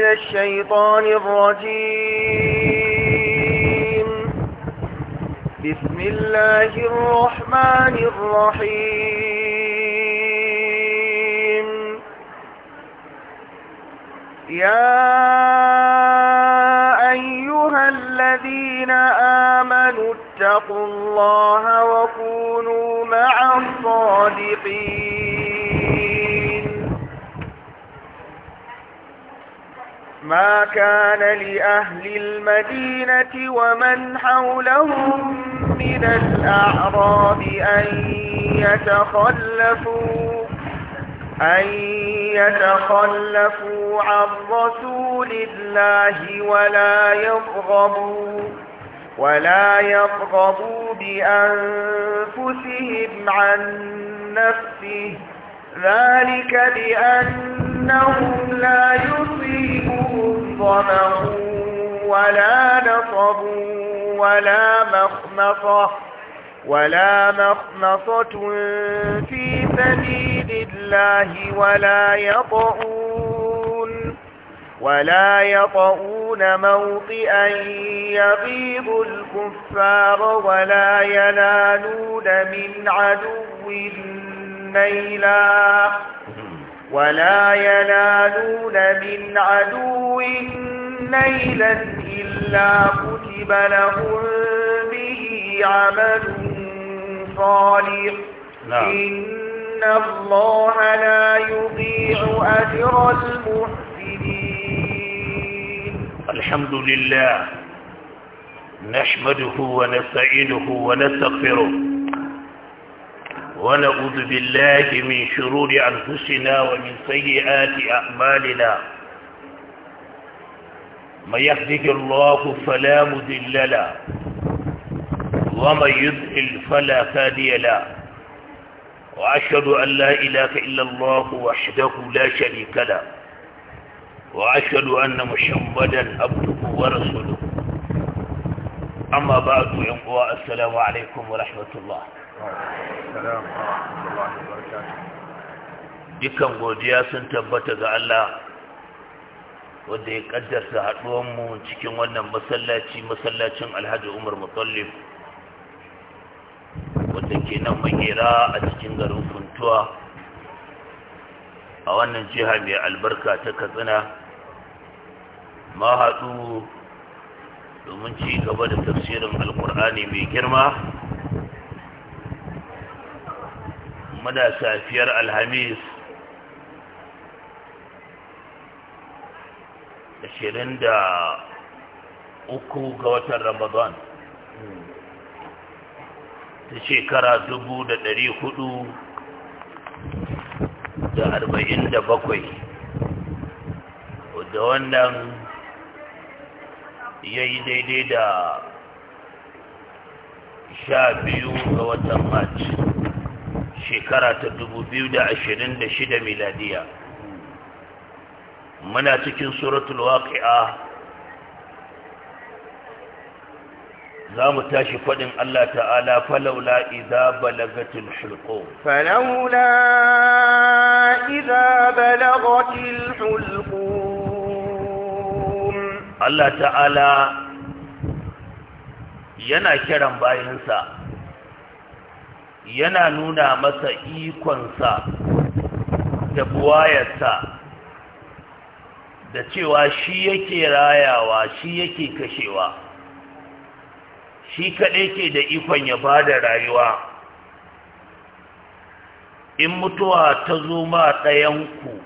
الشيطان الرجيم بسم الله الرحمن الرحيم يا أيها الذين آمنوا اتقوا الله وكونوا مع الصادقين ما كان لأهل المدينة ومن حولهم من الأعراب أن يتخلفوا أن يتخلفوا عن رسول الله ولا يرغبوا ولا يرغبوا بأنفسهم عن نفسه ذلك بأنهم لا يصيبهم ظمأ ولا نصب ولا مخمصة ولا مخمصة في سبيل الله ولا يطعون ولا يطعون موطئا يغيظ الكفار ولا ينالون من عدو نيلا ولا ينالون من عدو نيلا إلا كتب لهم به عمل صالح نعم. إن الله لا يضيع أجر المحسنين الحمد لله نحمده ونستعينه ونستغفره ونعوذ بالله من شرور أنفسنا ومن سيئات أعمالنا من يهده الله فلا مذل له ومن يذل فلا هادي له وأشهد أن لا إله إلا الله وحده لا شريك له وأشهد أن محمدا عبده ورسوله أما بعد السلام عليكم ورحمة الله dukan godiya sun tabbata ga Allah wanda ya haɗuwar mu cikin wannan masallaci masallacin alhaji umar mutallif wanda ke nan magera a cikin garin funtuwa a wannan jiha mai albarka ta katsina ma haɗu domin ci gaba da tafsirin alkur'ani mai girma muna safiyar alhamis ashirin da uku ga watan ramadan ta shekara dubu da dari hudu da arba'in da bakwai da wannan ya yi daidai da sha biyu ga watan maci shekara ta 2026 miladiya muna cikin suratul waqi'a za mu tashi faɗin Allah ta'ala falawla idza balagatil hulqum falawla idza balagatil hulqum Allah ta'ala yana kiran bayinsa yana nuna masa ikonsa da buwayarsa da cewa shi yake rayawa shi yake kashewa shi kaɗai ke da ikon ya ba da rayuwa in mutuwa ta zo ma ɗayanku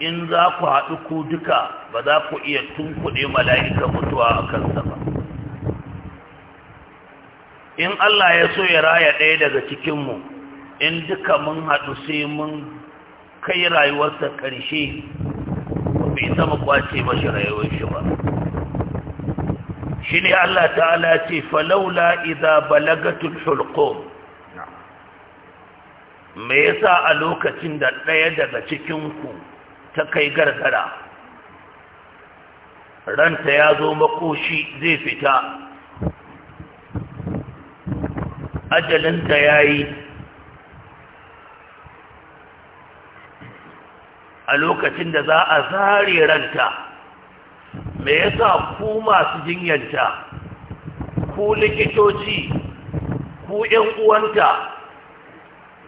in za ku haɗu ku duka ba za ku iya tunkuɗe mala'ikan mutuwa a kansa in Allah ya so ya raya ɗaya daga cikinmu in duka mun haɗu sai mun kai rayuwarsa ƙarshe bai sama kwace mashi rayuwar shi ba shi ne Allah ta'ala ce falaula iza balagatul hulqum me yasa a lokacin da ɗaya daga cikinku ta kai gargara ranta ya zo makoshi zai fita ajalinta ya yi a lokacin da za a zare ranta me yasa ku masu jinyanta ku likitoci ku ‘yan uwanta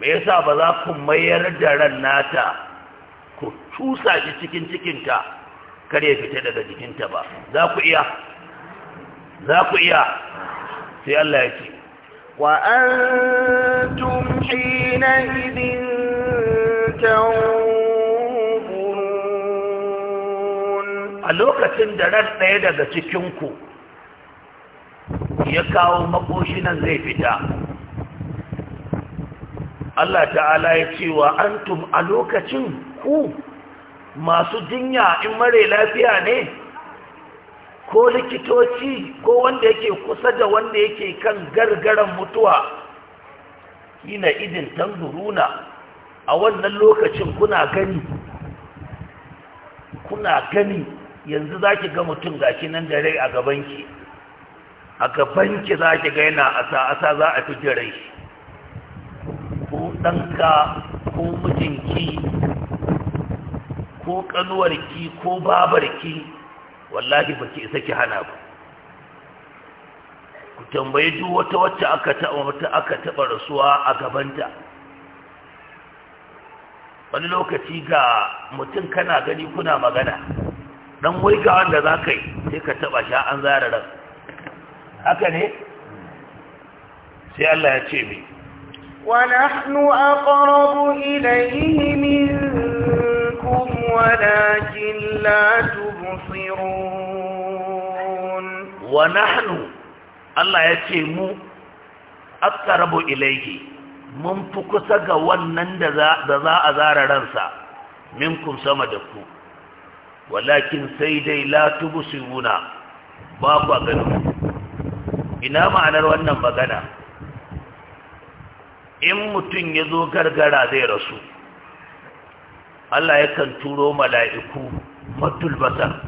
me yasa ba za ku mayar da ran nata ku cusa shi cikin cikinta kare fita daga jikinta ba za ku iya za ku iya sai Allah ya ce وأنتم حينئذ تنظرون ألوكة درس نيدة ya يكاو مقوشنا zai fita. Allah ta'ala ya ce wa antum a lokacin ku masu jinya in mare lafiya ne ko likitoci ko wanda yake kusa da wanda yake kan gargaran mutuwa hina idin tanzuruna a wannan lokacin kuna gani kuna gani yanzu zaki ga mutum gashi nan da rai a gabanki a gabanki zaki ga yana asa asa za a fi rai ko ɗanka ko mijinki ko ƙanuwarki ko babarki wallahi ba ki isa ki hana ba ku tambayi duk wata wacce aka taɓa wata aka taɓa rasuwa a gabanta wani lokaci ga mutum kana gani kuna magana dan waiga wanda za ka yi sai ka taɓa sha an zara ran haka ne sai Allah ya ce mai ونحن أقرب إليه منكم ولكن لا تؤمنون يبصرون ونحن الله mu أقرب إليه mun fi kusa ga wannan da za a zara ransa minkum sama da ku walakin sai dai latubu siruna ba ku a ina ma'anar wannan magana in mutum ya zo gargara zai rasu Allah yakan turo mala'iku fatul basar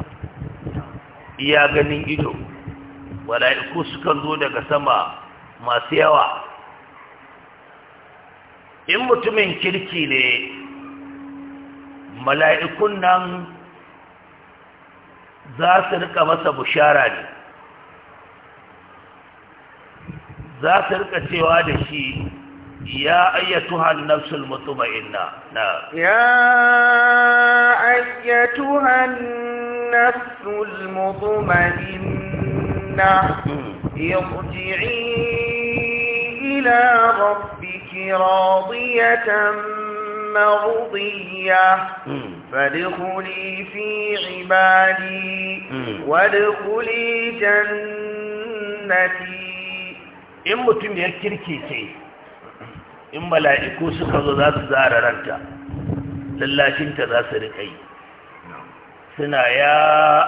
iya ganin ido wala'iku sukan zo daga sama masu yawa in mutumin kirki ne mala'ikun nan za su rika masa bushara ne za su rika cewa da shi يا أيتها النفس المطمئنة نعم يا أيتها النفس المطمئنة ارجعي إلى ربك راضية مرضية فادخلي في عبادي وادخلي جنتي إن متم يكركي in mala'iku suka zo za su zara ranta lallashinta za su riƙa yi suna ya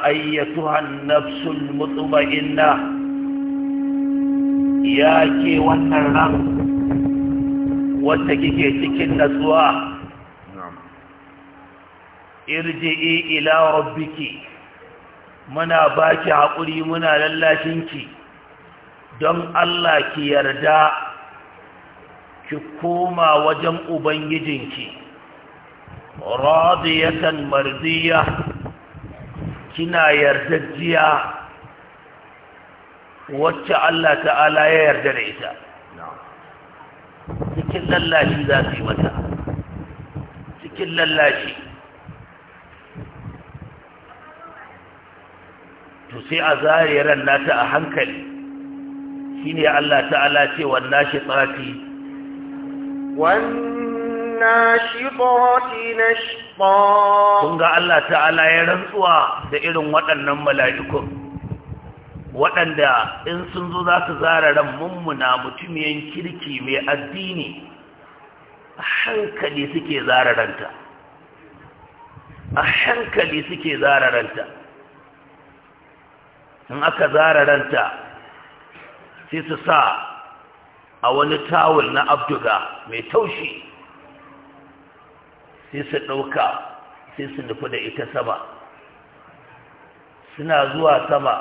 ayyatuhan nafsul mutma'inna ya ke wannan ran Wata kike cikin natsuwa irji'i ila rabbiki muna baki haƙuri muna lallashinki don Allah ki yarda ki koma wajen ubangijinki radiyatan marziya kina yardajiya wacce Allah ta'ala ya yarda da ita cikin lallashi za su yi mata cikin lallashi to sai a zariran nata a hankali ne Allah ta'ala ce wannan shi tsafi والناشطات نشطا kun ga Allah ta'ala ya rantsuwa da irin waɗannan mala'ikun waɗanda in sun zo za su zara ran mummuna mutumiyan kirki mai addini a hankali suke zara ranta a hankali suke zara ranta in aka zara ranta sai su sa a wani tawul na abduga mai taushi sai su ɗauka sai su nufi da ita sama suna zuwa sama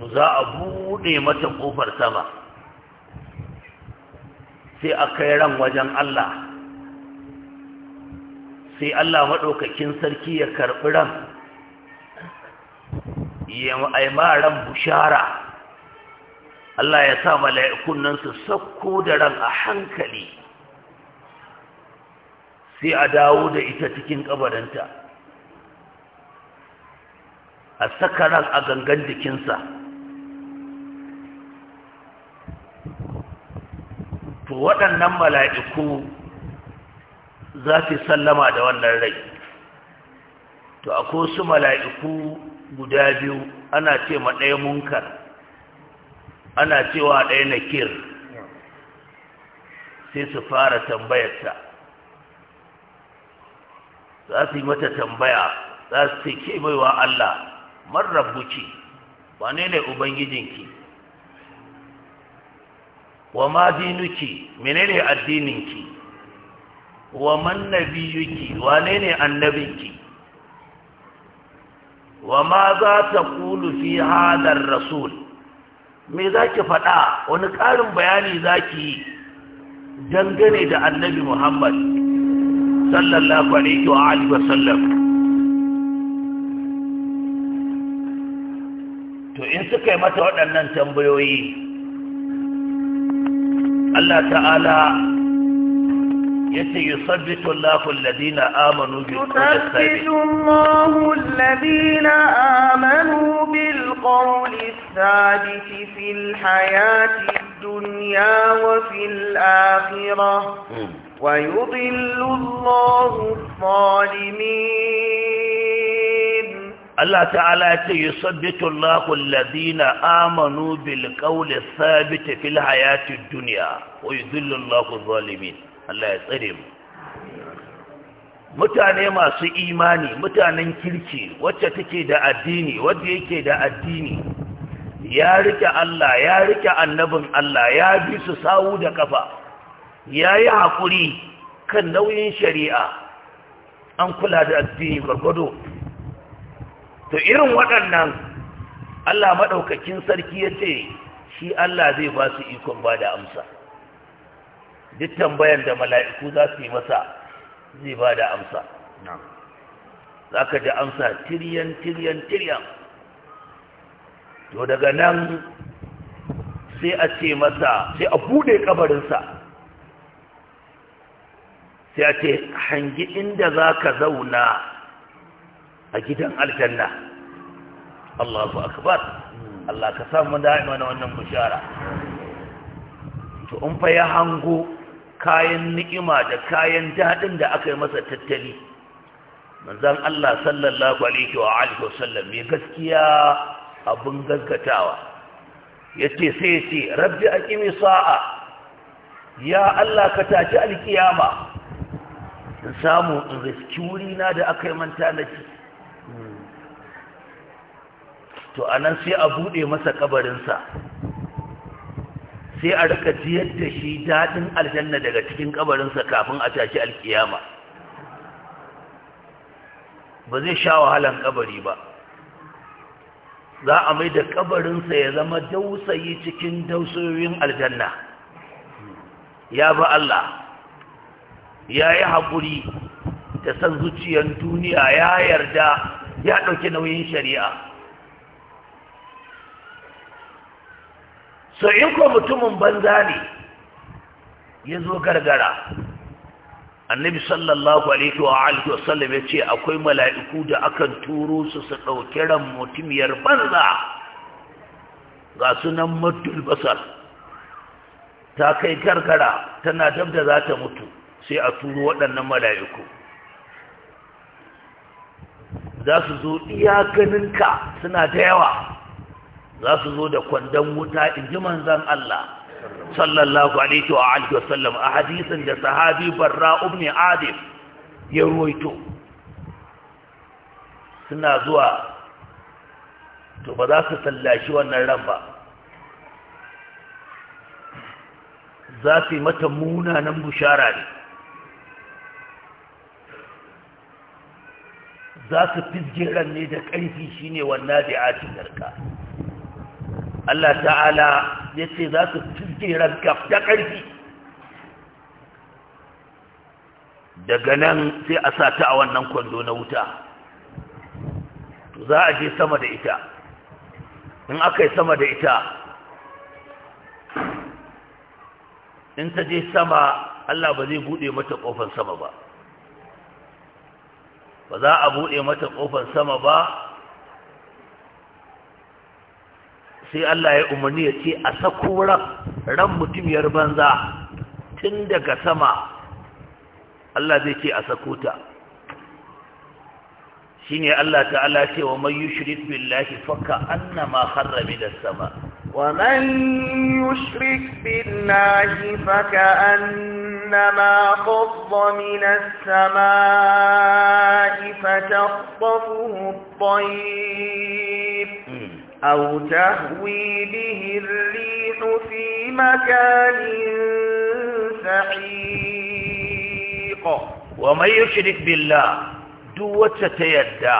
to za a buɗe mata ƙofar sama sai a kai ran wajen Allah sai Allah maɗaukakin sarki ya karɓi ran ya aima ran bushara Allah ya sa mala'ikun nan su sakko da ran a hankali sai a dawo da ita cikin ƙabarinta a saka ran a gangan jikinsa to waɗannan mala'iku za su sallama da wannan rai to akwai su mala'iku guda biyu ana ce ma ɗaya munkar ana cewa ɗaya na kir sai su fara tambayarta za su yi mata tambaya za su ce ke baiwa Allah man rabbuki wane ne ubangijinki wa ma dinuki menene addininki wa man nabiyuki wane ne annabinki wa ma za ta kulu fi hadar rasul me za ki faɗa wani ƙarin bayani za ki yi dangane da annabi muhammad sallallahu alaihi wa alihi wa sallam to in suka yi mata waɗannan tambayoyi Allah ta'ala يثبت الله الذين آمنوا يثبت الله الذين آمنوا بالقول الثابت في الحياة الدنيا وفي الآخرة ويضل الله الظالمين الله تعالى يثبت الله الذين آمنوا بالقول الثابت في الحياة الدنيا ويضل الله الظالمين Allah ya tsare mu mutane masu imani mutanen kirki wacce take da addini wanda yake da addini ya rike Allah ya rike annabin Allah ya bi su sawu da kafa yayi yi haƙuri kan nauyin shari'a an kula da addini gwargwado to irin waɗannan Allah maɗaukakin sarki yace shi Allah zai ba su ikon ba amsa duk tambayan da mala'iku za su yi masa zai ba da amsa za ka ji amsa tiriyan tiriyan tiriyan to daga nan sai a ce masa sai a bude kabarinsa sai a ce hangi inda za ka zauna a gidan aljanna Allahu akbar Allah ka samu da'ima na wannan mushara. to in fa ya hango kayan ni'ima da kayan daɗin da aka yi masa tattali manzan Allah sallallahu alaihi wa alihi wa sallam mai gaskiya abin Ya yace sai yace rabbi aqimi sa'a ya Allah ka taci alkiyama in samu in riski wuri na da aka yi manta na ci to anan sai a bude masa kabarinsa sai a rika jiyar da shi daɗin aljanna daga cikin ƙabarinsa kafin a tashi alkiyama ba zai sha wahalan ƙabari ba za a mai da kabarinsa ya zama dausayi cikin dausoyoyin aljanna ya ba Allah ya yi haƙuri da san zuciyar duniya ya yarda ya ɗauki nauyin shari'a so in ko mutumin banza ne ya zo gargara annabi sallallahu alaihi wa alihi wa sallam ya ce akwai mala'iku da akan turo su su ɗauki ran mutumiyar banza ga sunan maddul basar ta kai gargara tana dab za ta mutu sai a turo waɗannan mala'iku za su zo iyakaninka suna da yawa za su zo da kwandon wuta in ji manzan Allah sallallahu alaihi wa alihi wa sallam a hadisin da sahabi barra ibn adib ya ruwaito suna zuwa to ba za su sallashi wannan ran ba za su yi mata munanan bushara ne za su fizgiran ne da ƙarfi shine wannan da ya ci Allah ta'ala ya ce za su tuske ranka da ƙarfi daga nan sai a sa ta a wannan kwando na wuta za a je sama da ita in aka yi sama da ita in ta je sama Allah ba zai buɗe mata ƙofar sama ba ba za a buɗe mata ƙofar sama ba sai Allah ya umarni ya ce a sako ran ran 'yar banza tun daga sama Allah zai ce a sako ta shine Allah ta'ala ce wa man yushrik billahi faka annama harrami da sama wa man yushrik billahi faka annama khadda min as Au tahwilin rikusi makanin saci. Wa mayaushe niɗbilla duk wacce ta yadda.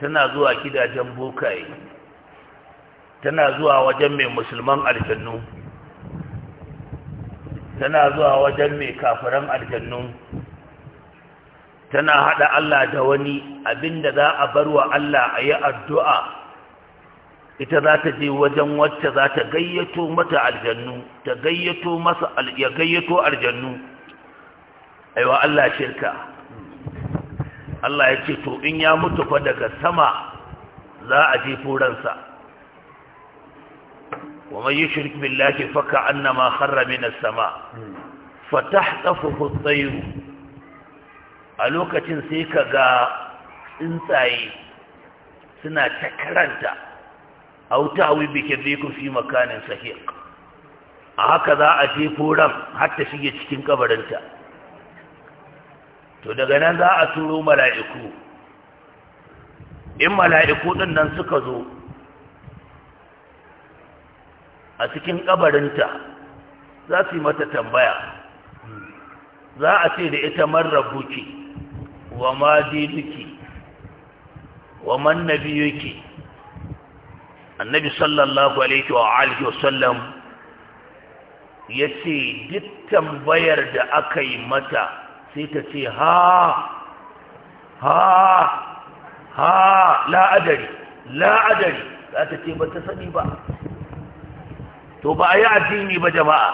Tana zuwa gidajen Tana zuwa wajen mai musulman aljannu. Tana zuwa wajen mai kafuran aljannu. Tana haɗa Allah da wani abin da za a bar wa Allah a yi addu'a. ita za ta je wajen wacce za ta gayyato mata aljannu ta gayyato masa ya gayyato aljannu aiwa Allah shirka Allah ya ce to in ya mutu fa daga sama za a je furansa. wa man yushrik billahi fa ka'annama kharra min as-sama fa tahtafuhu at-tayr a lokacin sai kaga tsuntsaye suna ta karanta aw ta'wi bi bikin fi makanin sahiq a haka za a je foram har ta shige cikin kabarinta to daga nan za a turo mala'iku in mala'iku din nan suka zo a cikin kabarinta za su yi mata tambaya za a ce da ita marrabuki wa ma wa man nabiyuki annabi sallallahu alaihi wa alihi wasallam ya ce duk tambayar da aka yi mata sai ta ce ha ha ha la'adari la'adari za ta ce ba ta sani ba to ba a yi addini ba jama'a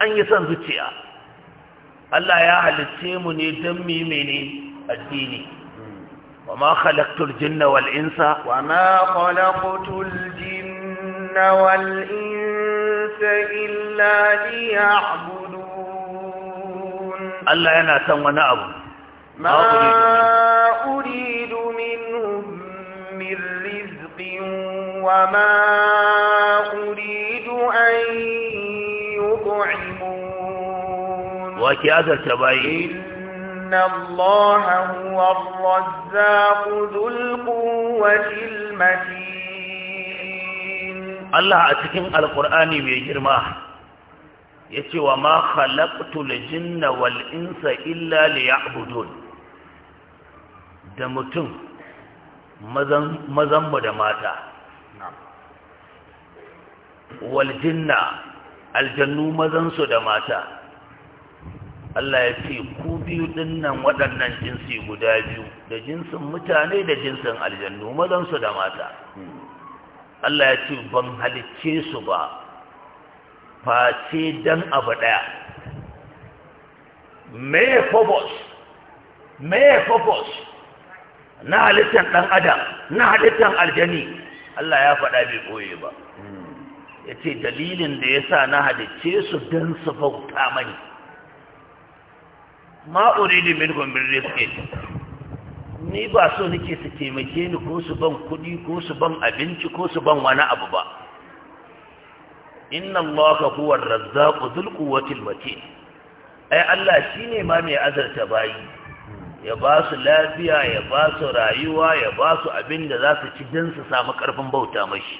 an yi son zuciya Allah ya halicce mu ne don mimene addini وما خلقت الجن والإنس وما خلقت الجن والإنس إلا ليعبدون الله أنا سوى أبو ما أريد منهم من رزق وما أريد أن يطعمون وكي أذر تبعي إن الله هو الرزاق ذو القوة المتين الله أتكين القرآن بيجرما يتي وما خلقت الجن والإنس إلا ليعبدون دمتم مزم دماتا نعم. والجن الجنو مزم سدماتا Allah ya ce ku biyu dinnan waɗannan jinsi guda biyu da jinsin mutane da jinsin aljannu mazansu da mata Allah ya ce ban halicce su ba face dan abu ɗaya me phobos me phobos na halittar ɗan adam na halittar aljani Allah ya faɗa bai ɓoye ba hmm. ya ce dalilin da ya sa na halicce su don su bauta mani ma uridu minhum min riske ni ba so nake su taimake ni ko su ban kuɗi ko su ban abinci ko su ban wani abu ba inna allaha huwa ar razzaƙu, dhul quwwati al ai Allah shine ma mai azarta bayi ya ba su lafiya ya ba su rayuwa ya ba su abin da za su ci don su samu karfin bauta mashi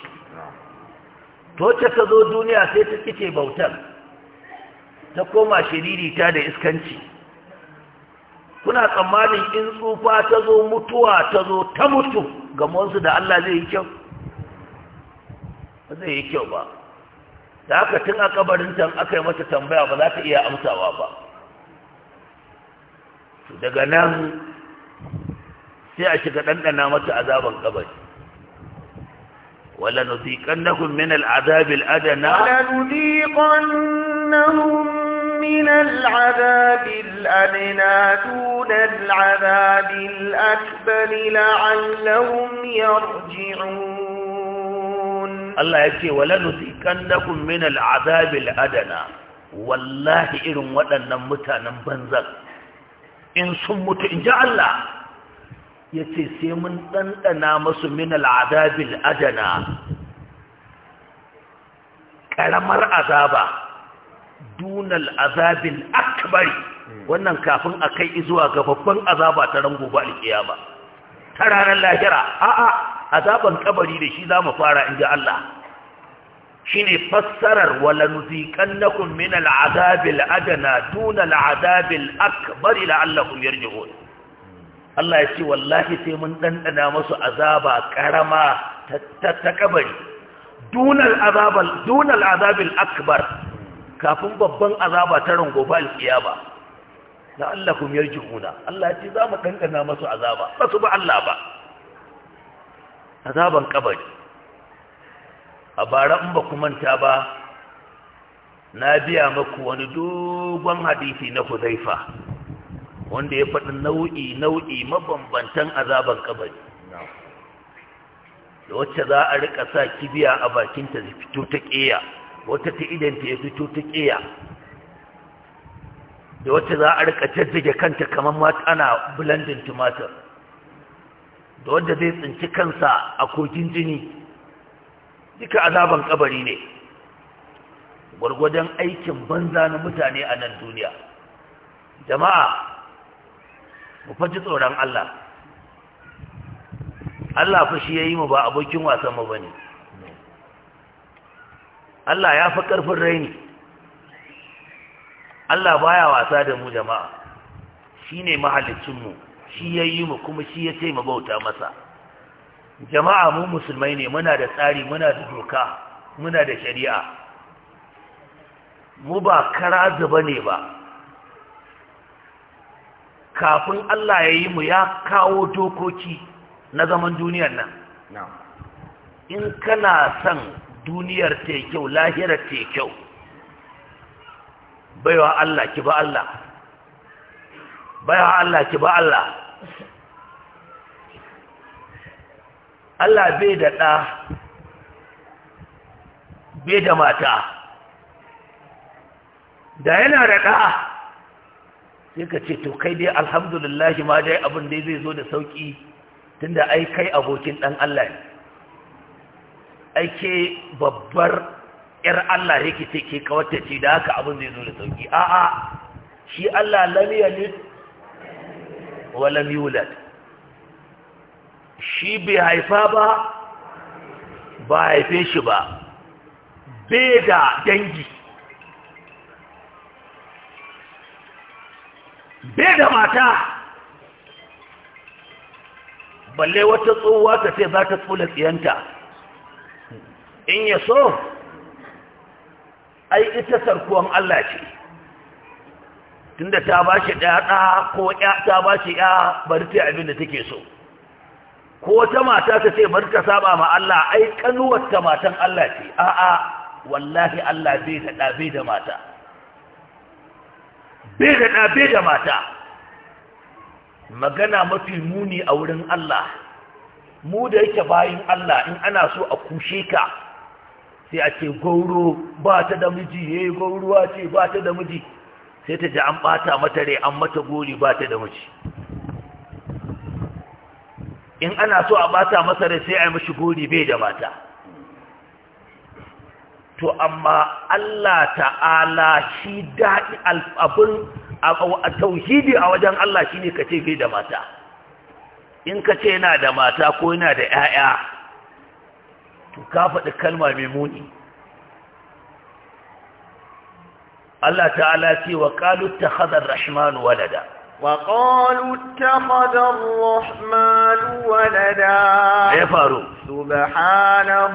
to ta zo duniya sai ta kike bautar ta koma shiriri ta da iskanci kuna tsammanin in tsufa ta zo mutuwa ta zo ta mutu gamonsu da Allah zai yi kyau ba zai yi kyau ba da haka tun a kabarinta aka yi mata tambaya ba za ta iya amsawa ba daga nan sai a shiga ɗanɗana mata azaban kabari ولنذيقنهم من العذاب الأدنى ولنذيقنهم من العذاب الأدنى دون العذاب الأكبر لعلهم يرجعون الله يكي ولنذيكنكم من العذاب الأدنى والله إرم ودنا متانا بنزل إن سمت إن جاء الله Allah ya ce sai من العذاب الأدنى كلمر al'adabil dunal azabil akbari wannan kafin a kai zuwa ga babban azaba ta rango ba alkiyama ta ranar lahira a'a azaban kabari da shi za mu fara in ji Allah shi ne fassarar wala nuziƙan na kummin al'adabil adana tuna al'adabil akbari la'allakun yarjihun Allah ya ce wallahi sai mun ɗanɗana masu azaba ƙarama ta kabari dunar azabil akbar kafin babban azaba ta rangoba alƙiyaba, na Allah kum jihuna Allah ce za mu kankana masu azaba ba su ba Allah ba azaban kabari a bara in ba ku manta ba na biya maku wani dogon hadisi na Huzaifa wanda ya faɗi nau'i nau'i mabambantan azaban kabari da wacce za a riƙa sa kibiya a bakinta ta fito ta ƙeya wata ta idanta ya fito ta ƙiya da wata za a rika jajjage kanta kamar mata ana bulandin tumatir da wanda zai tsinci kansa a kogin jini duka azaban kabari ne gwargwadon aikin banza na mutane a nan duniya jama'a mu faji tsoron Allah Allah fa shi yi mu ba abokin wasan mu bane Allah ya fi ƙarfin raini Allah baya wasa da mu jama'a shi ne mahalicinmu shi ya yi mu kuma shi ya ce bauta masa jama'a mu musulmai ne muna da tsari muna da doka muna da shari'a mu ba kara zuba ne ba kafin Allah ya yi mu ya kawo dokoki na zaman duniyar nan in kana son duniyar ta kyau lahirar ta kyau baiwa Allah ki ba Allah baiwa Allah ki ba Allah Allah bai da ɗa bai da mata da yana da ɗa sai ka ce to kai dai alhamdulillah ma dai abin dai zai zo da sauƙi tunda ai kai abokin ɗan Allah ne ake babbar ‘yar Allah yake ce ke kawata ce da haka abin zai zo da sauki a'a shi Allah yalid wa yulad shi bai haifa ba ba haife shi ba bai da dangi bai da mata balle wata tsohuwa ta ce za ta tsula tsiyanta in ya so ai ita sarkuwan Allah ce tunda ta ba shi ɗaɗa ko ta ba shi ya bari ta abin da take so ko wata mata ta ce bari ta saba ma Allah ai kanuwar ta matan Allah ce a'a wallahi Allah bai da ɗabe da mata bai da ɗabe da mata magana mafi muni a wurin Allah mu da yake bayin Allah in ana so a kushe ka sai a ce gauro ba ta da miji ya eh, yi gauruwa ce ba ta da miji sai ta ji an ɓata mata rai an mata gori ba ta da miji in ana so a ɓata masa rai sai a yi mashi gori bai da mata to amma Allah ta'ala shi daɗi abin a tauhidi a wajen Allah shi ne ka ce bai da mata in ka ce yana da mata ko yana da 'ya'ya كافد الكلمة ميموني الله تعالى تي وقالوا اتخذ الرحمن ولدا وقالوا اتخذ الرحمن ولدا يفارو سبحانه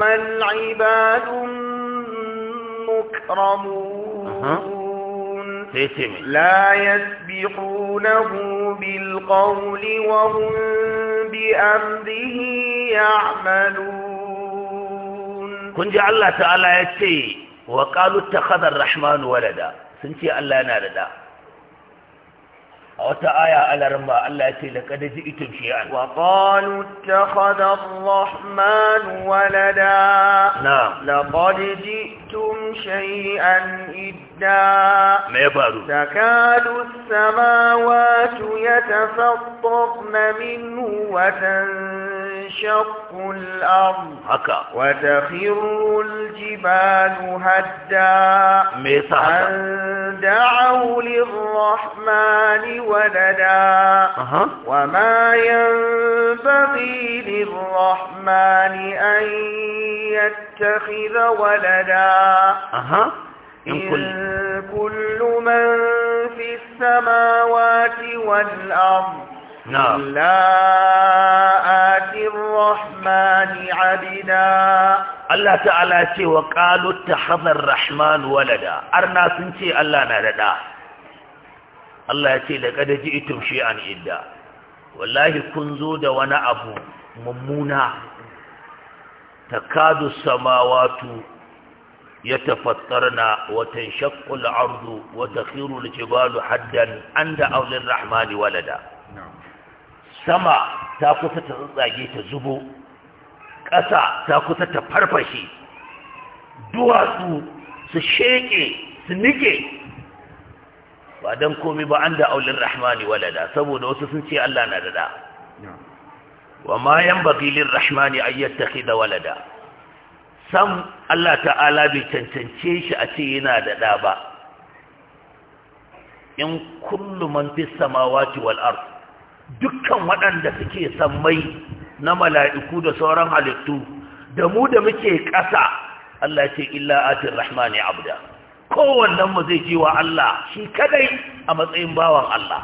بل عباد مكرمون أه. لا يسبقونه بالقول وهم بأمره يعملون kun ji Allah ta'ala ya ce wa qalu takhadha ar-rahmanu walada sun ce Allah yana da da a wata aya alarma Allah ya ce laqad ji'tum shay'an wa qalu takhadha ar-rahmanu walada na'am laqad ji'tum shay'an idda me faru takadu as-samawati yatafattarna minhu wa tan تنشق الأرض هكا وتخر الجبال هدا ميسا أن دعوا للرحمن ولدا أه. وما ينبغي للرحمن أن يتخذ ولدا أه. إن كل من في السماوات والأرض نعم إلا الرحمن Allah الله تعالى ce wa qalu tahadhar rahman walada arna sun ce Allah na daɗa. Allah ya ce laqad ji'tum shay'an idda wallahi kun zo da wani abu mummuna takadu samawati yatafattarna na tanshaqqu al-ardu wa takhiru al-jibalu haddan anda awlir rahmani walada sama ta kusa ta tsatsage ta zubo ƙasa ta kusa ta farfashe duwatsu su sheƙe su nike ba don komi ba an da aulin rahmani walada saboda wasu sun ce Allah na da da wa ma bakilin rahmani ke da walada sam Allah ta'ala bai cancance shi a ce yana da da ba in kullum man fi samawati wal ard dukkan waɗanda suke sammai na mala'iku da sauran halittu da mu da muke ƙasa Allah ce illa rahma rahmani abda kowannen mu zai ji wa Allah shi kadai a matsayin bawan Allah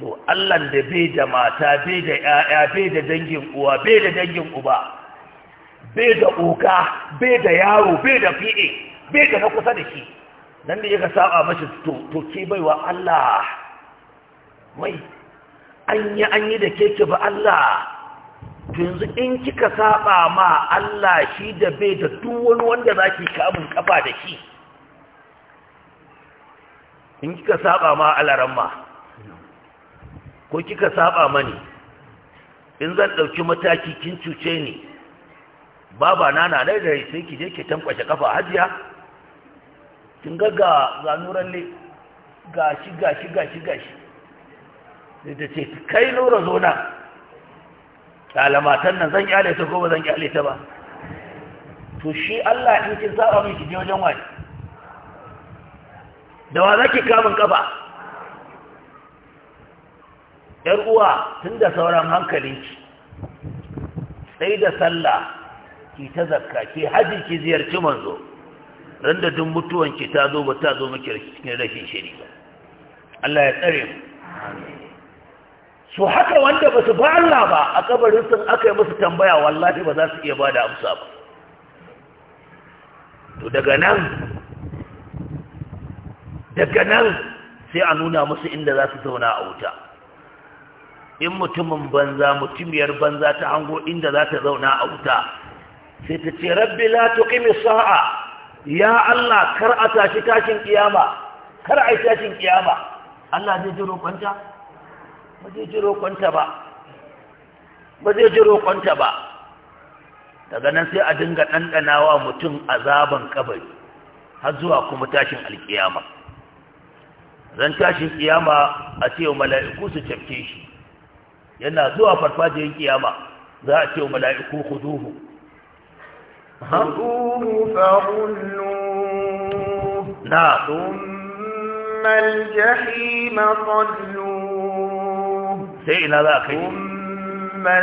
to Allah da bai da mata bai da 'ya'ya, bai da dangin uwa bai da dangin uba bai da oga bai da yaro bai da fi'e bai da na kusa da shi nan da yaka saba mashi to to ke baiwa Allah wai an yi an yi da keke ba Allah yanzu in kika saba ma Allah shi da bai da duk wani wanda za ki kamun kafa da shi in kika saba ma alaramma ko kika saba mani in zan ɗauki mataki kin cuce ni baba na na dai da sai ki je ki tankwashe kafa hajiya kin ga ga zanuran ne gashi gashi gashi gashi sai ta ce kai nura zo nan kalamatan nan zan kyale ta ko ba zan kyale ta ba to shi Allah in kin saba min ki je wajen wani da wa zaki kamun kafa yar uwa tun da sauran hankali sai da sallah ki ta zakka ki haji ki ziyarci manzo ran da mutuwan ki ta zo ba ta zo miki cikin rashin shiri Allah ya tsare mu amin su haka wanda ba su ba Allah ba a kabarin sun aka yi musu tambaya wallahi ba za su iya ba da amsa ba to daga nan daga nan sai a nuna musu inda za su zauna a wuta in mutumin banza mutumiyar banza ta hango inda za ta zauna a wuta sai ta ce rabbi la tuqimi sa'a ya Allah kar a tashi tashin kiyama kar a yi tashin kiyama Allah zai ji roƙonta ba zai ji roƙonta ba ba zai ji roƙonta ba daga nan sai a dinga ɗanɗanawa mutum azaban kabari har zuwa kuma tashin alƙiyama. Zan tashin kiyama a ce mala'iku su cafke shi yana zuwa farfajiyar kiyama za a ce mala'iku ku zuhu na ثم الجحيم صلوا sai ina ثم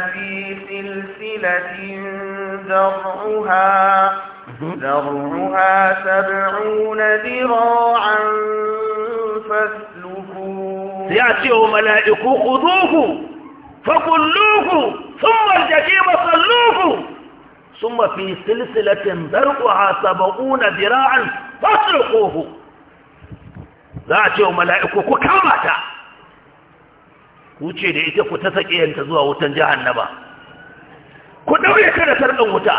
في سلسلة ذرعها ذرعها سبعون ذراعا فاسلكوه سيأتيه ملائكو خذوه فكلوه ثم الجحيم صلوه ثم في سلسلة ذرعها سبعون ذراعا فاسلكوه za ملائكو ce wuce da ita ku ta yanta zuwa wutan jahannaba. ku daure ta da sarkan wuta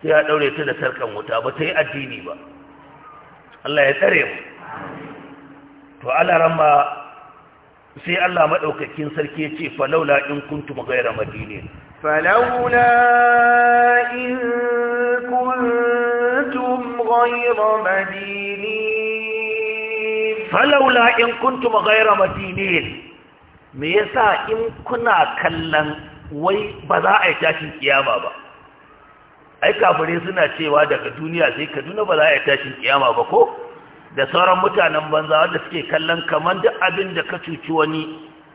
sai ya daure ta da sarkan wuta ba ta yi addini ba Allah ya tsare mu to alaran ba sai Allah madaukakin sarki ya ce falaula in kuntum ghayra madinin falaula in kuntum ghayra madinin falaula in kuntum ghayra madinin me yasa in kuna kallon wai ba za a yi tashin kiyama ba ai kafire suna cewa daga duniya sai kaduna ba za a yi tashin kiyama ba ko da sauran mutanen banza wanda suke kallon kamar duk abin da ka cuci wani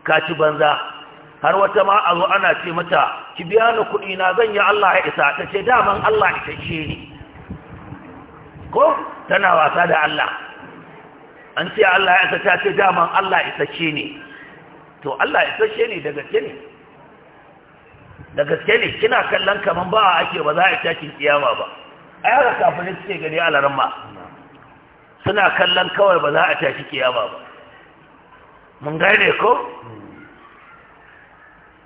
ka ci banza har wata ma a zo ana ce mata ki biya ni kuɗi na zan yi Allah ya isa ta ce daman Allah ya tashe ni ko tana wasa da Allah an ce Allah ya ta ce daman Allah isasshe ne to Allah isasshe ne da gaske ne da gaske ne kina kallon kaman ba a ake ba za a tashi kiyama ba ai haka kafirai suke gani a laramma suna kallon kawai ba za a tashi kiyama ba mun gane ko hmm.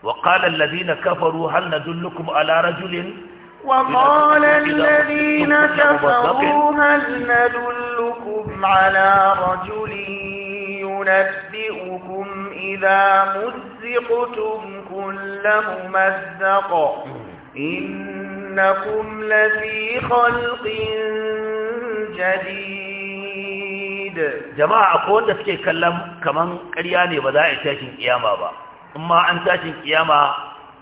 wa qala alladhina kafaru hal nadullukum ala rajulin وقال الذين كفروا هل ندلكم على رجل ينبئكم إذا مزقتم كل ممزق إنكم لفي خلق جديد جماعة أقول لك يكلم كمان قرياني بدائي تاشن قيامة با أما أن تاشن قيامة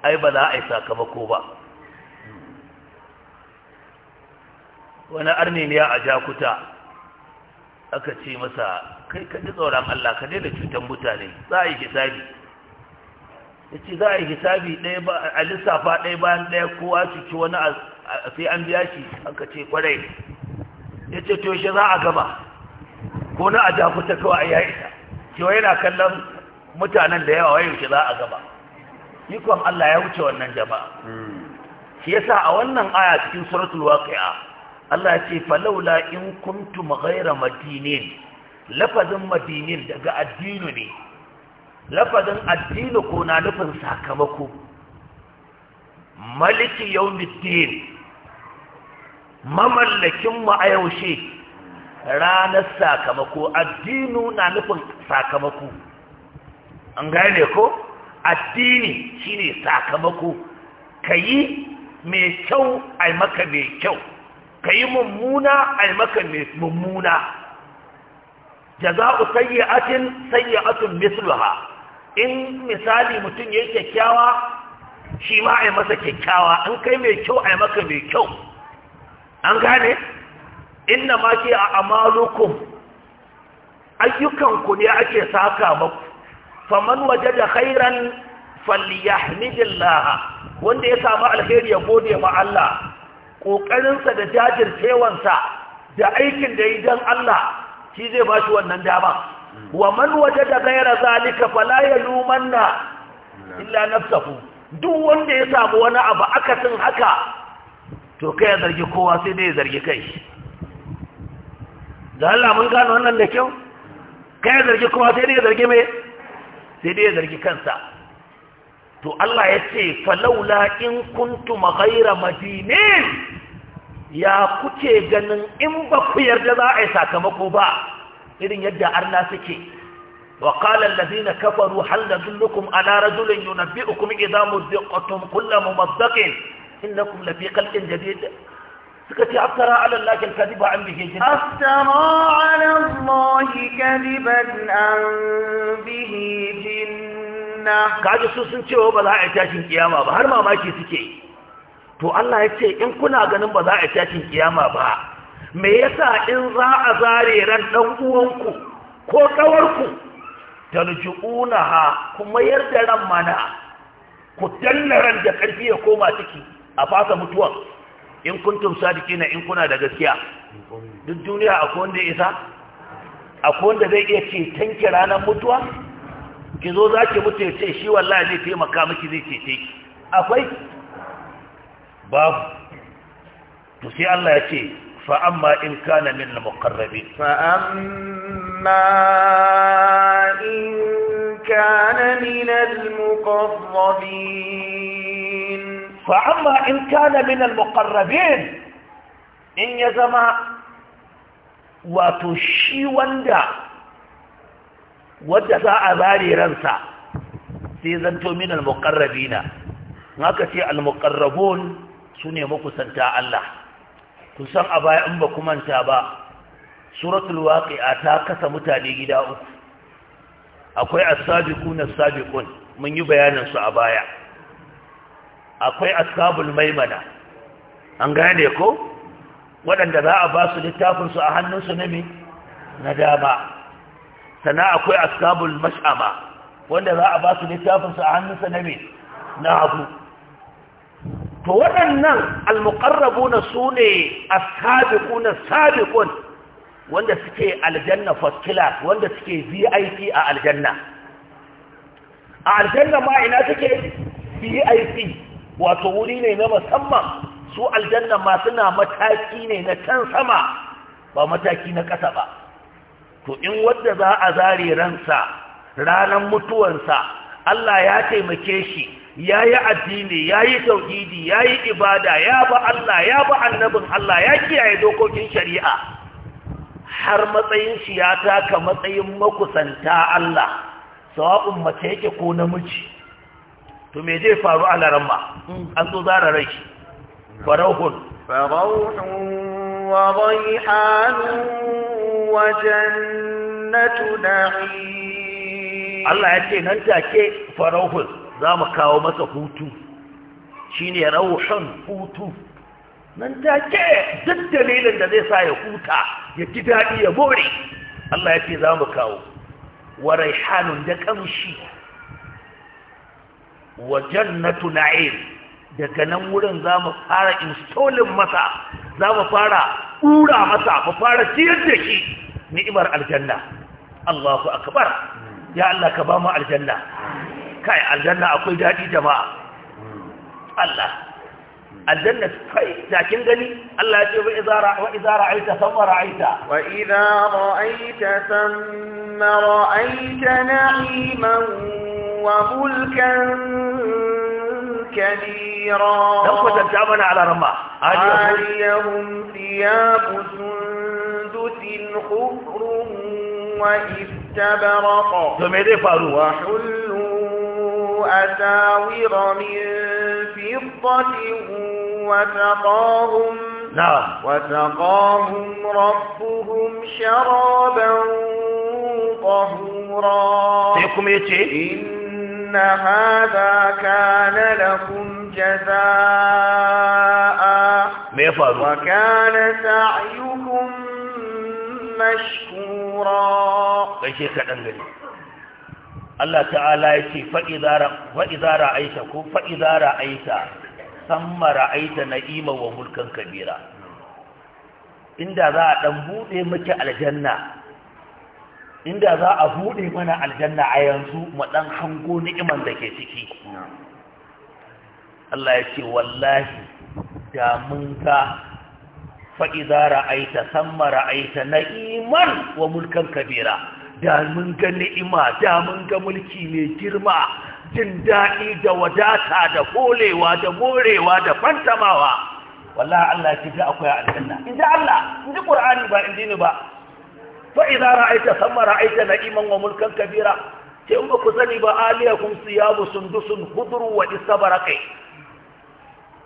أي بدائي ساكبكو با wani arni ne a jakuta aka ce masa kai ka ji tsoron Allah ka daina cutar mutane za a yi hisabi ya ce za a yi hisabi a lissafa ɗaya bayan ɗaya kowa su ci wani fi an biya shi aka ce kwarai ya ce to shi za a gama ko na a jakuta kawai a ya isa cewa yana kallon mutanen da yawa shi za a gaba ikon Allah ya wuce wannan jama'a hmm. shi yasa a wannan aya cikin suratul waqi'a Allah ce falaula in kuntum ghaira madinin lafazin madinin daga addini ne lafazin addini ko na nufin sakamako maliki yawmiddin mamallakin mu a yaushe ranar sakamako addinu na nufin sakamako an gane ko addini shine sakamako kayi mai kyau ai maka mai kyau ka yi mummuna a yi maka mummuna jaza'u sayyi'atin sayyi'atun misluha in misali mutum yayi kyakkyawa shi ma a masa kyakkyawa An kai mai kyau a maka mai kyau an gane inna ma ke a amalukum ayyukanku ne ake saka maku faman waje da khairan falyahmidillah wanda ya samu alheri ya gode ma Allah ƙoƙarinsa da jajircewansa da aikin da yi don Allah shi zai ba shi wannan dama wa man waje da gaira zalika fala ya na? illa nafsahu duk wanda ya samu wani abu akasin haka to kai ya zargi kowa sai dai ya zargi kai da Allah mun gano wannan da kyau kai ya zargi kowa sai dai ya zargi me sai dai ya zargi kansa to Allah ya ce falaula in kuntum ghaira madinin ya kuke ganin in ba ku yarda za a yi sakamako ba irin yadda arna suke wa qala allazina kafaru hal nadullukum ala rajulin yunabbi'ukum idza muzziqtum kullu mumazzaqin innakum lafi khalqin jadid suka ce aftara ala Allah kadiba an bihi jinna aftara ala Allah kadiban an bihi jinna anna kaji su sun cewa ba za a yi tashin kiyama ba har mamaki suke to Allah ya ce in kuna ganin ba za a yi tashin kiyama ba me yasa in za a zare ran dan uwanku ko kawarku ha, kuma yarda ran mana ku danna ran da karfi ya koma ciki a fasa mutuwa in kuntum sadiqina in kuna da gaskiya duk duniya akwai wanda ya isa akwai wanda zai iya ce tanke ranar mutuwa ki zo za ki mutu ya ce shi wallahi zai taimaka miki zai cece ki akwai babu to sai Allah ya ce fa amma in kana min al-muqarrabin fa amma in kana min al-muqarrabin fa amma in kana min al-muqarrabin in ya zama wato shi wanda Wanda za a zare ransa sai zanto min al-muqarrabina haka ce al-muqarrabun sune makusanta Allah kun san a baya in ba manta ba suratul waqi'a ta kasa mutane gida uku akwai as-sabiqun as-sabiqun mun yi bayanin su a baya akwai ashabul maimana an gane ko waɗanda za a ba su littafin su a hannunsu na na dama sana akwai ashabul mash'ama wanda za a ba su su a hannunsa na me na hagu to waɗannan almuqarrabuna sune as na sabiqun wanda suke aljanna faskila wanda suke VIP a aljanna a aljanna ma ina suke VIP wato wuri ne na musamman su aljanna ma suna mataki ne na can sama ba mataki na ƙasa ba to in wanda za a zare ransa ranar mutuwansa Allah ya taimake shi ya yi addini ya yi tauhidi ya yi ibada ya ba Allah ya ba annabin Allah ya kiyaye dokokin shari'a har matsayin shi ya taka matsayin makusanta Allah sawa'un mace yake ko namiji to me zai faru a laramba an zo zara rai farauhun farauhun wa raihanun wajannatu na'i Allah ya ce nan take farauhul mu kawo masa hutu shine rauhun hutu nan take duk dalilin da zai sa ya huta ya ji dadi ya bore Allah ya ce zamu kawo wa raihanun da kamshi wa jannatu na'im daga nan wurin zamu fara installing masa zamu fara tsura masa mu fara ciyar da shi ni'imar aljanna Allahu akbar ya Allah ka ba mu aljanna kai aljanna akwai dadi jama'a Allah aljanna kai da kin gani Allah ya ce wa idza wa idza aita thumma ra'aita wa idha ra'aita thumma ra'aita na'iman wa mulkan كبيرا كنت على رماح عليهم ثياب سندس خفر واستبرق وحلوا أساور من فضة وسقاهم نعم وسقاهم ربهم شرابا طهورا إيه إن إن هذا كان لكم جزاء وكان سعيكم مشكورا Allah ta'ala ya ce fa'izara aisha ko fa'izara aisha sammara aisha na ima wa mulkan kabira inda za a ɗan buɗe miki aljanna inda za a buɗe mana aljanna a yanzu mu ɗan hango ni'iman da ke ciki Allah ya ce wallahi da mun ga fa'iza ra'aita samma ra'aita na'iman wa mulkan kabira da mun ga ni'ima da mun ga mulki mai girma jin daɗi da wadata da kolewa da morewa da fantamawa wallahi Allah ya ce akwai aljanna in da Allah in ji Qur'ani ba in ji ni ba فإذا رأيت ثم رأيت نعيما وملكا كبيرا تيمك سنب عليكم ثياب سندس خضر واستبرق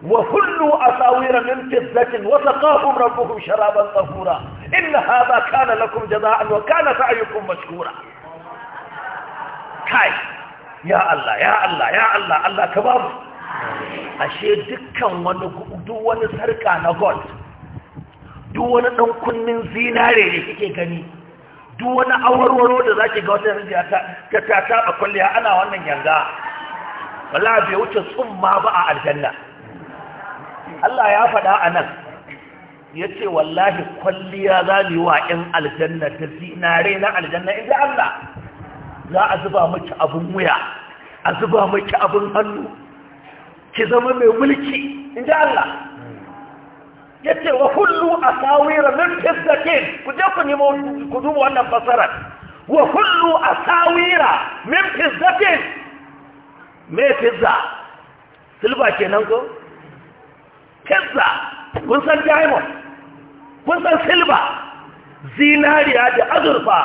وحلوا أساوير من فضة وسقاهم ربهم شرابا طهورا إن هذا كان لكم جزاء وكان سعيكم مشكورا kai ya Allah ya Allah ya Allah Allah ka ashe dukkan wani duk wani sarka na gold duk wani dan kunnin zinare da kike gani duk wani awarwaro da zaki ga wata yanzu ta ta ta kwalliya ana wannan yanga wallahi bai wuce tsumma ba a aljanna Allah ya faɗa anan nan ya ce wallahi kwalliya za mu yi wa aljanna ta zinare na aljanna inda Allah za a zuba miki abin wuya a zuba miki abin hannu ki zama mai mulki inda Allah ya ce wa kullu a sawira min fistatin ku je ku nemo ku duba wannan fasarar wa kullu a sawira min fistatin me fizza silba kenan ko fizza kun san diamond kun san silba zinariya da azurfa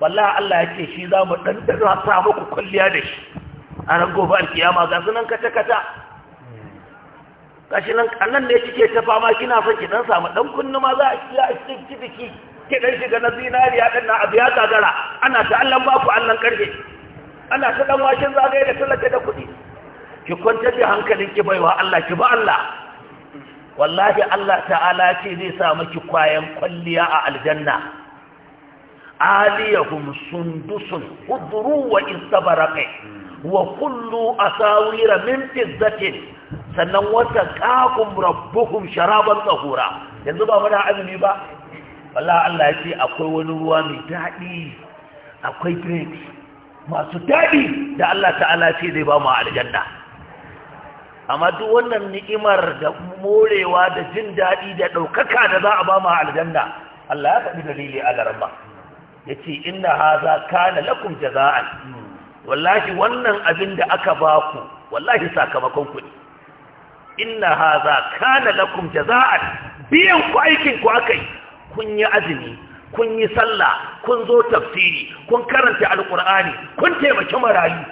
wallahi Allah ya ce shi za mu ɗanɗana samu muku kulliya da shi a ran gobe alkiyama ga sunan kata-kata gashi nan ne kike ta fama kina son ki dan samu dan kunni ma za a ci a cikin kidiki ki dan shiga na zinariya din na abiya gagara ana ta Allah ba ku Allah karfe ana ta dan washin zagaye da talaka da kudi ki kwantar da hankalin ki baiwa Allah ki ba Allah wallahi Allah ta'ala ce zai sa miki kwayan kwalliya a aljanna aliyahum sundusun hudru wa istabaraqi wa kullu asawira min fizzatin sannan wata kakum rabbukum sharaban tahura yanzu ba muna azumi ba wallahi Allah ya ce akwai wani ruwa mai daɗi akwai drink masu daɗi da Allah ta'ala ce zai ba mu aljanna amma duk wannan ni'imar da morewa da jin daɗi da ɗaukaka da za a ba mu aljanna Allah ya faɗi dalili a garin ba ya ce inna haza kana lakum jaza'an wallahi wannan abin da aka ba ku wallahi sakamakon kuɗi inna haza kana lakum jaza'an biyan ku aikin ku akai kun yi azumi kun yi sallah kun zo tafsiri kun karanta alqur'ani kun taimaki marayu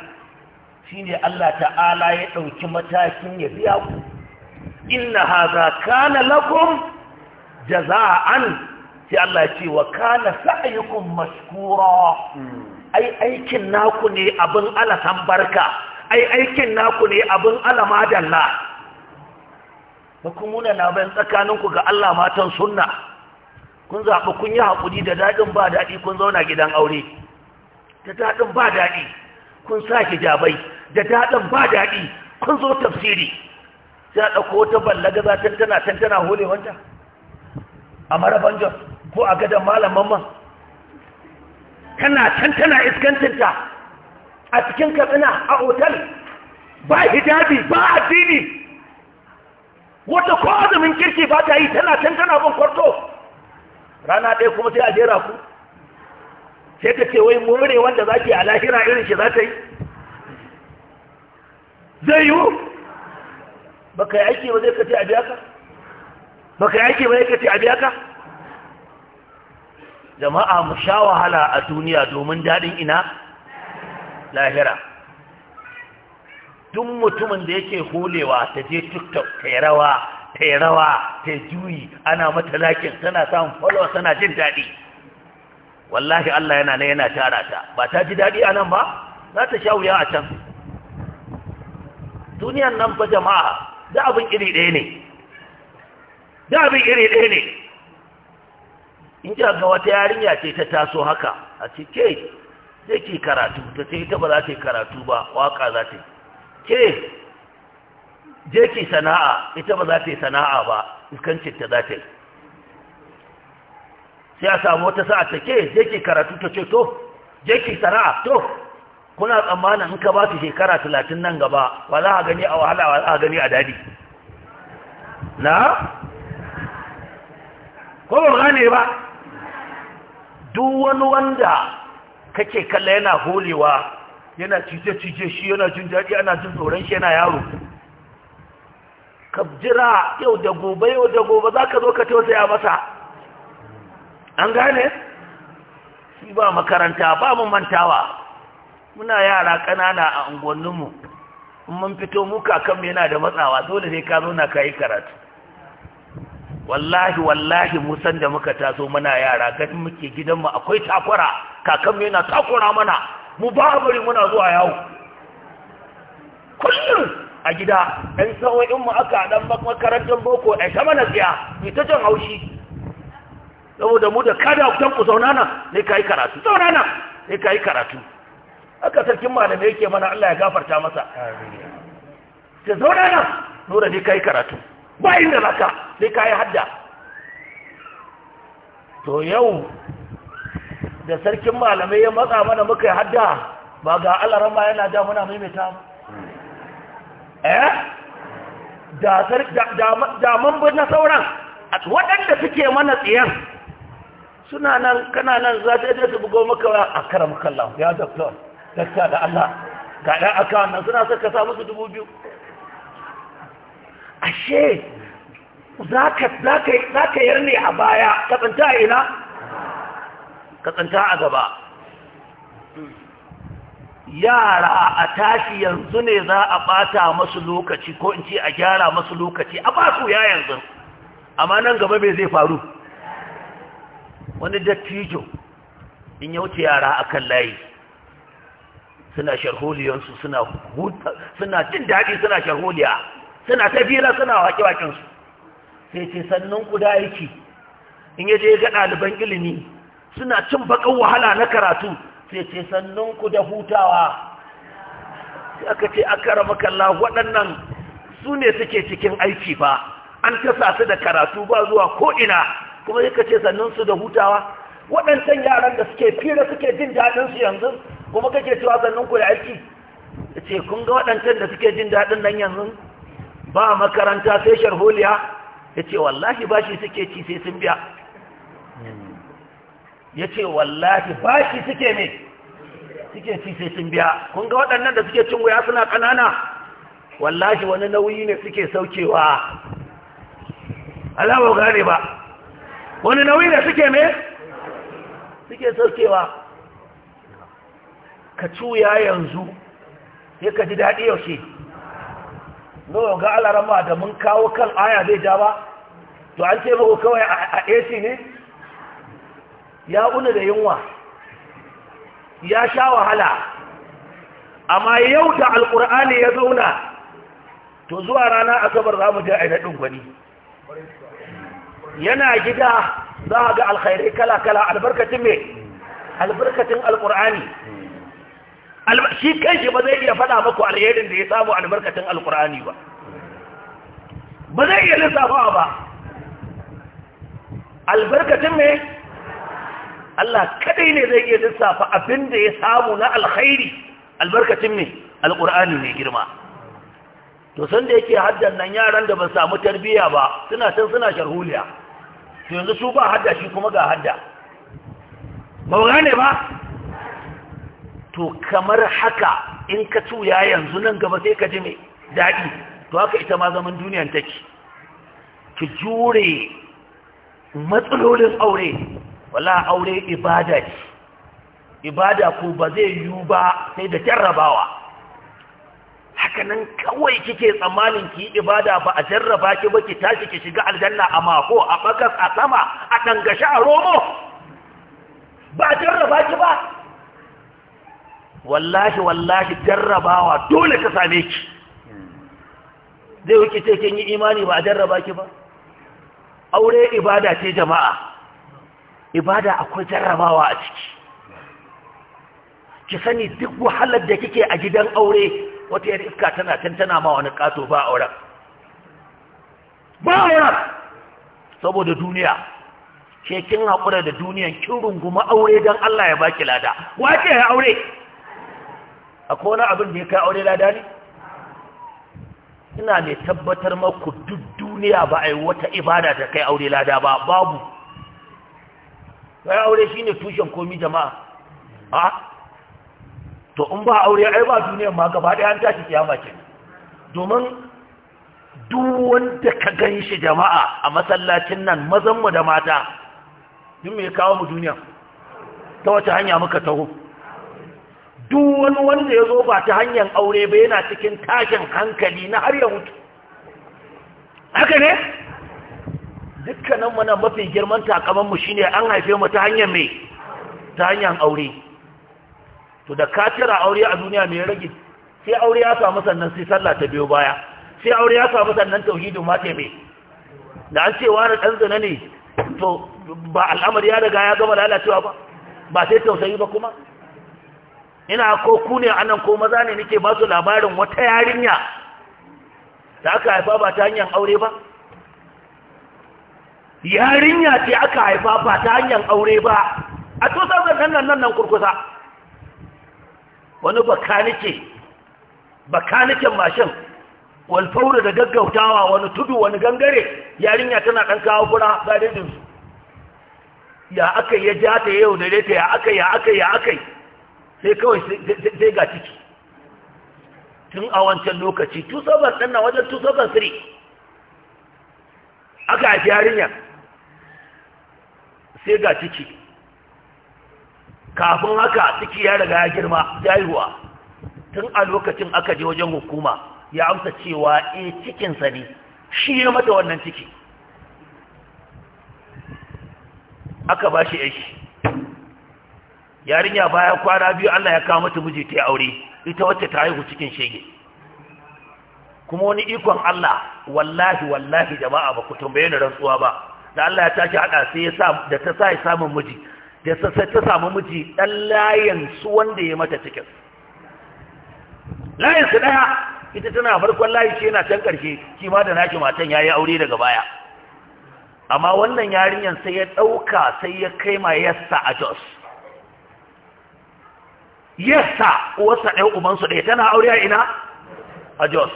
shine Allah ta'ala ya dauki matakin ya biya ku inna haza kana lakum jaza'an sai Allah ce wa kana sa'yukum mashkura hmm. ai aikin naku ne abin alasan barka ai aikin naku ne abin dalla hukumuna na bayan tsakaninku ga Allah matan sunna kun zaɓi kun yi haƙuri da daɗin ba daɗi kun zauna gidan aure da daɗin ba daɗi kun sa hijabai da daɗin ba daɗi kun zo tafsiri sai a ɗauko wata ballaga za tantana tantana hole wanta a maraban Jos ko a gadon Malam man tana tantana iskantinta a cikin katsina a otal ba hijabi ba addini wata ko azumin kirki ba ta yi tana can tana bin kwarto rana ɗaya kuma sai a jera ku sai ta ce wai more wanda za ki a lahira irin shi za ta yi zai yiwu ba ka yi aiki ba zai ka ce a biya ka ba ka yi aiki ba zai ka ce a biya ka jama'a mu sha wahala a duniya domin daɗin ina lahira duk mutumin da yake holewa ta je tiktok ta yi rawa ta yi rawa ta juyi ana mata lakin tana samun follower tana jin daɗi wallahi Allah yana na yana tara ta ba ta ji daɗi a nan ba za ta sha wuya a can duniyan nan ba jama'a da abin iri ɗaya ne da abin iri ɗaya ne in ji ga wata yarinya ce ta taso haka a ce ke zai ke karatu ta ce ita ba za ta yi karatu ba waka za ta yi ke je ki sana'a ita ba za ta yi sana'a ba iskancin ta za ta yi sai a samu wata sa'a ta ke je ki karatu ta ce to je ki sana'a to kuna tsammanin in ka ba su shekara talatin nan gaba ba za a gani a wahala ba za a gani a dadi na ko ba gane ba duk wani wanda kake kalla yana holewa yana cice-cice shi yana jin daɗi ana jin tsoron shi yana yaro ka jira yau da gobe yau da gobe za ka zo ka tausaya masa an gane shi ba makaranta ba mu mantawa muna yara ƙanana a unguwanninmu in mun fito mu kakanmu yana da matsawa dole sai ka zo na ka yi karatu wallahi wallahi musan da muka taso muna yara ganin muke gidanmu akwai takura kakanmu yana takura mana mu ba muna zuwa yawo kullum a gida ɗan sau'in mu aka ɗan makarantar boko ɗan ta na tsiya ita jan haushi saboda mu da kada ku ku zaunana ne ka yi karatu zaunana ne ka yi karatu aka sarkin malamai ke mana Allah ya gafarta masa ta zaunana nura ne ka yi karatu bayin da laka ne ka yi hadda to yau da sarkin malamai ya matsa mana muka yi hadda ba ga alarama yana da muna maimaita eh da mambun na sauran waɗanda suke mana tsiyan suna nan kana nan za ta yadda su bugo maka a karam kallon ya doktor dakta da Allah ga ɗan aka wannan suna ka sa musu dubu biyu ashe za ka yar ne a baya ka tsanta ina ka a gaba yara a tashi yanzu ne za a bata masu lokaci ko in ce a gyara masu lokaci a ba su ya yanzu amma nan gaba bai zai faru wani dattijo in ya wuce yara a kan layi suna sharholiyansu, suna jin daɗi suna sharholiya suna fila suna waƙe-waƙensu sai ce sannan ku aiki in yaje ga ɗaliban ilimi suna cin bakan wahala na karatu sai ce sannunku da hutawa sai aka ce aka rama kalla waɗannan su ne suke cikin aiki ba an tasa su da karatu ba zuwa ko'ina kuma sai ce sannunsu da hutawa waɗancan yaran da suke fira suke jin daɗinsu yanzu kuma kake cewa sannunku da aiki ce kun ga waɗancan da suke jin daɗin nan yanzu ba makaranta sai sharholiya ya ce wallahi ba shi suke ci sai sun biya ya ce ba bashi suke ne suke ci sai sun biya kun ga waɗannan da suke cin wuya suna ƙanana wallafi wani nauyi ne suke saukewa alama gane ba wani nauyi ne suke ne suke saukewa ka cuya yanzu sai ka ji daɗi yaushe nawa ga alarama da mun kawo kan aya zai ja ba to an ce mako kawai a ac ne ya una da yunwa ya sha wahala amma yau da alkur'ani ya zauna to zuwa rana asabar za mu je a daɗin gwani yana gida za a ga alkhairai kala-kala albarkacin mai albarkacin Alƙur'ani. shi kan shi ba zai iya faɗa maku alherin da ya samu albarkacin alkur'ani ba ba zai iya lissafawa ba albarkacin mai Allah kadai ne zai iya lissafa abin da ya samu na alkhairi albarkacin ne alkur'ani mai girma to san da yake haddan nan yaran da ba samu tarbiyya ba suna can suna sharhuliya to yanzu su ba hadda shi kuma ga hadda ba gane ba to kamar haka in ka tuya yanzu nan gaba sai ka ji mai daɗi to haka ita ma zaman duniyan take ki jure matsalolin aure wala aure ibada ne ibada ko ba zai yiwu ba sai da jarrabawa hakanan kawai kike tsammanin ki ibada ba a jarraba ki ba ki tashi ki shiga aljanna a mako a bakas a sama a dangashi a romo ba a jarraba ki ba wallahi wallahi jarrabawa dole ka same ki zai wuce ce kin yi imani ba a jarraba ki ba aure ibada ce jama'a ibada akwai jarrabawa a ciki ki sani duk wahalar da kike a gidan aure wata yar iska tana tantana ma wani kato ba auren ba auren saboda duniya ke kin haƙura da duniyan kin runguma aure don Allah ya baki lada wace ya aure akwai wani abin da ya kai aure lada ne ina mai tabbatar maku duk duniya ba a yi wata ibada ta kai aure lada ba babu wai aure shine tushen komi jama'a a to in ba aure ai ba duniyar ma gaba ɗaya an tashi kiyama ke domin duk wanda ka gan shi jama'a a masallacin nan mazan mu da mata duk mai kawo mu duniya ta wace hanya muka taho duk wani wanda ya zo ba ta hanyar aure ba yana cikin tashin hankali na har ya mutu haka ne dukkanin mana mafi girman takaman mu shine an haife mu ta hanyar me ta hanyar aure to da ka tira aure a duniya me rage sai aure ya samu sannan sai sallah ta biyo baya sai aure ya samu sannan tauhidin ma ta me da an ce wani dan zana ne to ba al'amari ya riga ya gama lalacewa ba ba sai tausayi ba kuma ina ko ku ne anan ko maza ne nake ba su labarin wata yarinya da aka haifa ba ta hanyar aure ba yarinya ce aka haifa ba ta hanyar aure ba a tosar da nan nan nan kurkusa wani bakanike bakaniken mashin walfaura da gaggautawa wani tudu wani gangare yarinya tana ɗan kawo fura su. ya aka ya ja ta yau da ta ya aka ya aka ya aka sai kawai sai ga ciki tun a wancan lokaci 2000 ɗan na wajen 2003 aka haifi yarinya sai ga ciki kafin haka ciki ya riga ya girma ya haihuwa tun a lokacin aka je wajen hukuma ya amsa cewa eh cikinsa ne shi ya mata wannan ciki aka ba shi yashi yarinya baya kwana biyu Allah ya kawo mata miji ta aure ita wacce ta haihu cikin shege kuma wani ikon Allah wallahi wallahi jama'a ba ku tambaye ni rantsuwa ba da Allah ya tashi hada sai ya sa da ta sai samu miji da sai ta samu miji dan layin su wanda ya mata cikin layin su daya ita tana farkon layi shi yana can karshe shi ma da naki matan yayi aure daga baya amma wannan yarinyan sai ya dauka sai ya kai ma yassa a Jos yassa dai uban su ɗaya tana aure a ina a Jos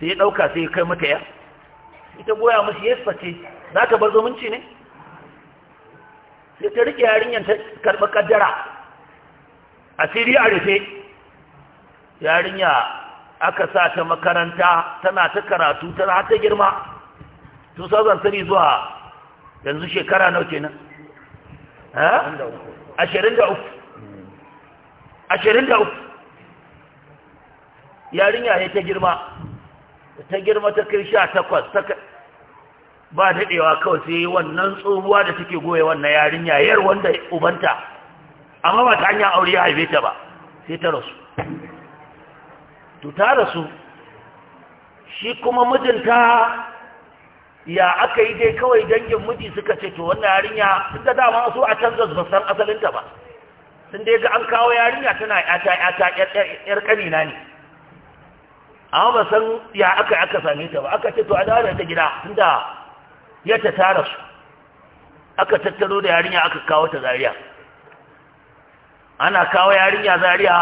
sai ya dauka sai ya kai mata ya ita goya mashi yassa ce za ka bar zumunci ne sai ta riƙe yarinyar ta karɓi ƙaddara asiri a rufe yarinya aka sa ta makaranta tana ta karatu tana har ta girma sani zuwa yanzu shekara nau kenan ashirin da uku ashirin da uku yarinya ne ta girma ta girma ta kai sha takwas ba daɗewa kawai sai wannan tsohuwa da take goye wannan yarinya yar wanda ubanta amma ba ta hanyar aure ya haife ta ba sai ta rasu to ta rasu shi kuma mijinta ya aka yi dai kawai dangin miji suka ce to wannan yarinya duk da dama su a canza ba san asalinta ba sun dai ga an kawo yarinya tana yata yata yar kanina ne amma ba san ya aka aka same ta ba aka ce to a dawo da ta gida tunda ya ta tara su aka tattaro da yarinya aka kawo ta zariya ana kawo yarinya zariya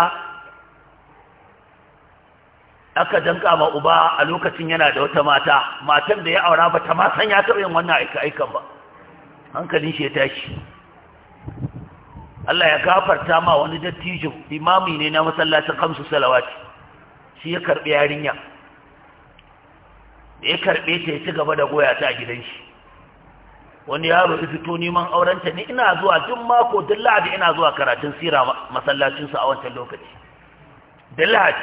aka danka ma uba a lokacin yana da wata mata matan da ya aura ba ta ma san ya taɓa yin wannan aika-aikan ba hankalin shi ya tashi Allah ya gafarta ma wani dattijo imami ne na masallacin kamsu salawati shi ya karɓi yarinya ya karɓe ta ya ci gaba da goya ta a gidan shi wani yaro ya fito neman aurenta ne ina zuwa duk mako duk lahadi ina zuwa karatun sira masallacinsu a wancan lokaci duk lahadi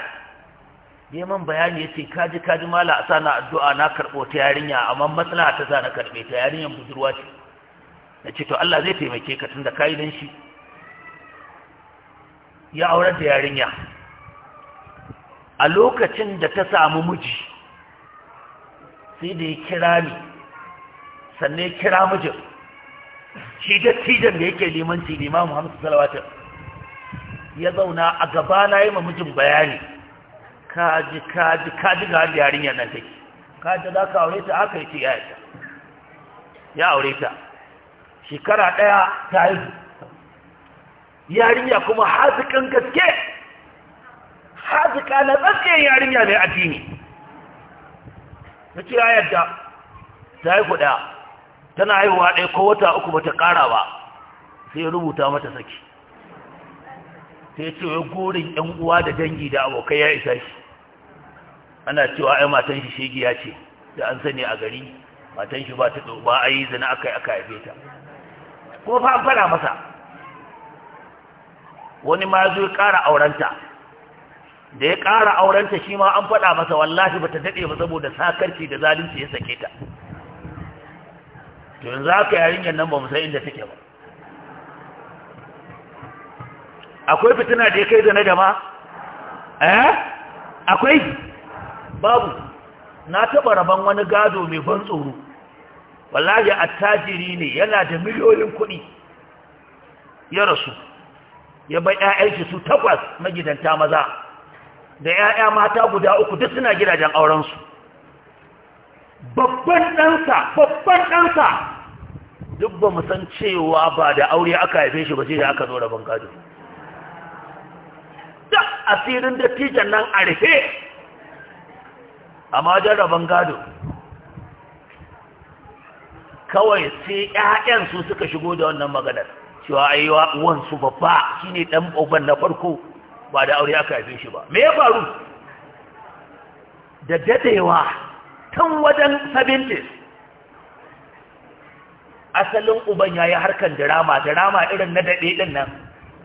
neman bayani ya ce kaji kaji mala a sana addu'a na karɓo ta yarinya amma maslaha ta sa na karɓe ta yarinyar budurwa ce na ce to Allah zai taimake ka tun da kayi don shi ya aurar da yarinya a lokacin da ta samu miji sai da ya kira ni sannan ya kira mijin shi dattijan da yake limanci limamu hamsu salawatin ya zauna a gaba na yi ma mijin bayani kaji kaji kaji ga wanda yarinyar nan take kaji za ka aure ta aka yi ce ya yi ya aure ta shekara ɗaya ta yi yarinya kuma hazikan gaske hazika na tsakiyar yarinya mai addini na ce ya yadda ta yi kuɗa tana haihuwa ɗaya ko wata uku bata ƙara ba sai ya rubuta mata saki sai ya ce wa gorin 'yan'uwa uwa da dangi da abokai ya isa shi ana cewa ai matan shi shegiya ce da an sani a gari matan shi ba ta ba yi zina yi aka haife ta ko fa an fara masa wani ma zo ya ƙara aurenta da ya ƙara aurenta shi ma an faɗa masa wallahi ta daɗe ba saboda sakarci da zalunci ya sake ta to yanzu haka yarinyar nan ba mu inda take ba akwai fitina da ya kai zane da ma eh akwai babu na taɓa rabon wani gado mai ban tsoro wallahi attajiri ne yana da miliyoyin kuɗi ya rasu ya bai ƴaƴanki su takwas magidanta maza da ƴaƴa mata guda uku duk suna gidajen aurensu babban ɗansa babban ɗansa duk ba mu san cewa ba da aure aka haife shi ba sai da aka zo rabon gado duk asirin dattijan nan a rufe amma wajen rabon gado kawai sai ƴaƴan su suka shigo da wannan maganar cewa ai wansu babba shine ɗan babban na farko ba da aure aka haife shi ba me ya faru da dadewa tun wajen 70s asalin uban ya yi harkar dirama dirama irin na daɗe ɗin nan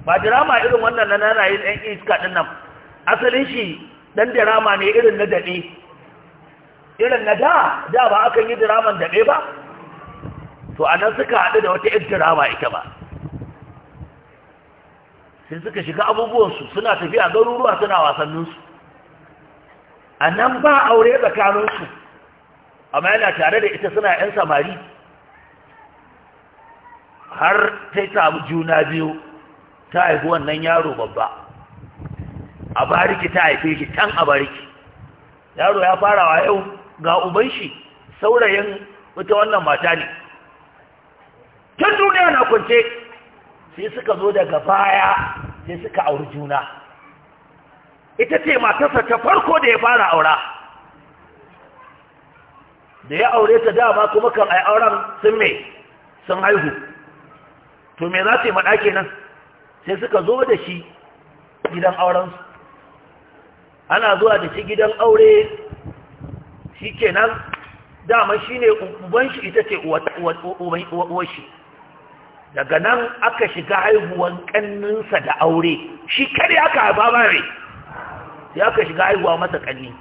ba dirama irin wannan na nanayin ɗan iska ɗin nan asalin shi ɗan dirama ne irin na daɗe irin na da da ba akan yi diraman daɗe ba to a nan suka haɗu da wata ɗan dirama ita ba sai suka shiga abubuwansu suna tafiya garuruwa suna wasanninsu a nan ba aure tsakaninsu amma yana tare da ita suna 'yan samari har ta yi samu juna biyu ta haifi wannan yaro babba a bariki ta haife shi can a bariki yaro ya farawa yau ga uban shi saurayin wata wannan mata ne tun duniya na kwance sai suka zo daga baya sai suka auri juna ita ce matarsa ta farko da ya fara aura da ya aure ta dama kuma kan ai auren sun me sun haihu to me za su yi maɗa kenan sai suka zo da shi gidan aurensu ana zuwa da shi gidan aure shi kenan dama shi ne uban shi ita ce uwa shi daga nan aka shiga haihuwan kanninsa da aure shi kare aka haifa ba sai aka shiga haihuwa masa kanni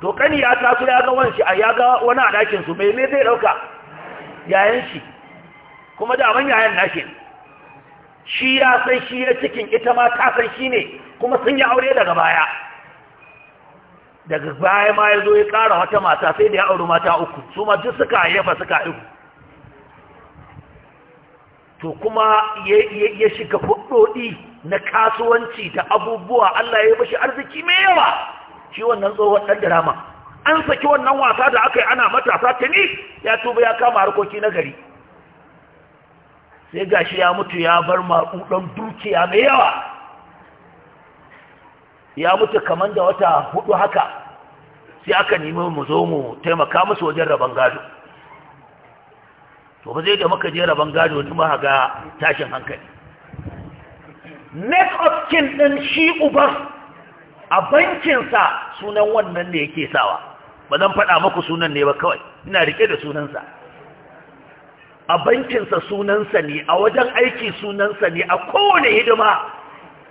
to kani ya taso ya ga wani a ga wani a dakin su mai me zai dauka yayan shi kuma da man yayan nashi shi ya san shi ya cikin ita ma ta san shi ne kuma sun yi aure daga baya daga baya ma ya zo ya kara wata mata sai da ya auri mata uku su ma duk suka yafa suka haihu to kuma ya shiga hudodi na kasuwanci da abubuwa Allah ya yi bashi arziki mai yawa shi wannan tsohon ɗan dirama an saki wannan wasa da aka yi ana matasa tuni ya tuba ya kama harkoki na gari sai gashi ya mutu ya bar maƙudan dukiya mai yawa ya mutu kamar da wata hudu haka sai aka nemi mu zo mu taimaka musu wajen rabon gado to ba zai da muka je rabon gado ni ma ga tashin hankali next of kin din shi uban a bankinsa sunan wannan ne yake sawa ba zan faɗa maku sunan ne ba kawai ina rike da sunansa a bankinsa sunansa ne a wajen aiki sunansa ne a kowane hidima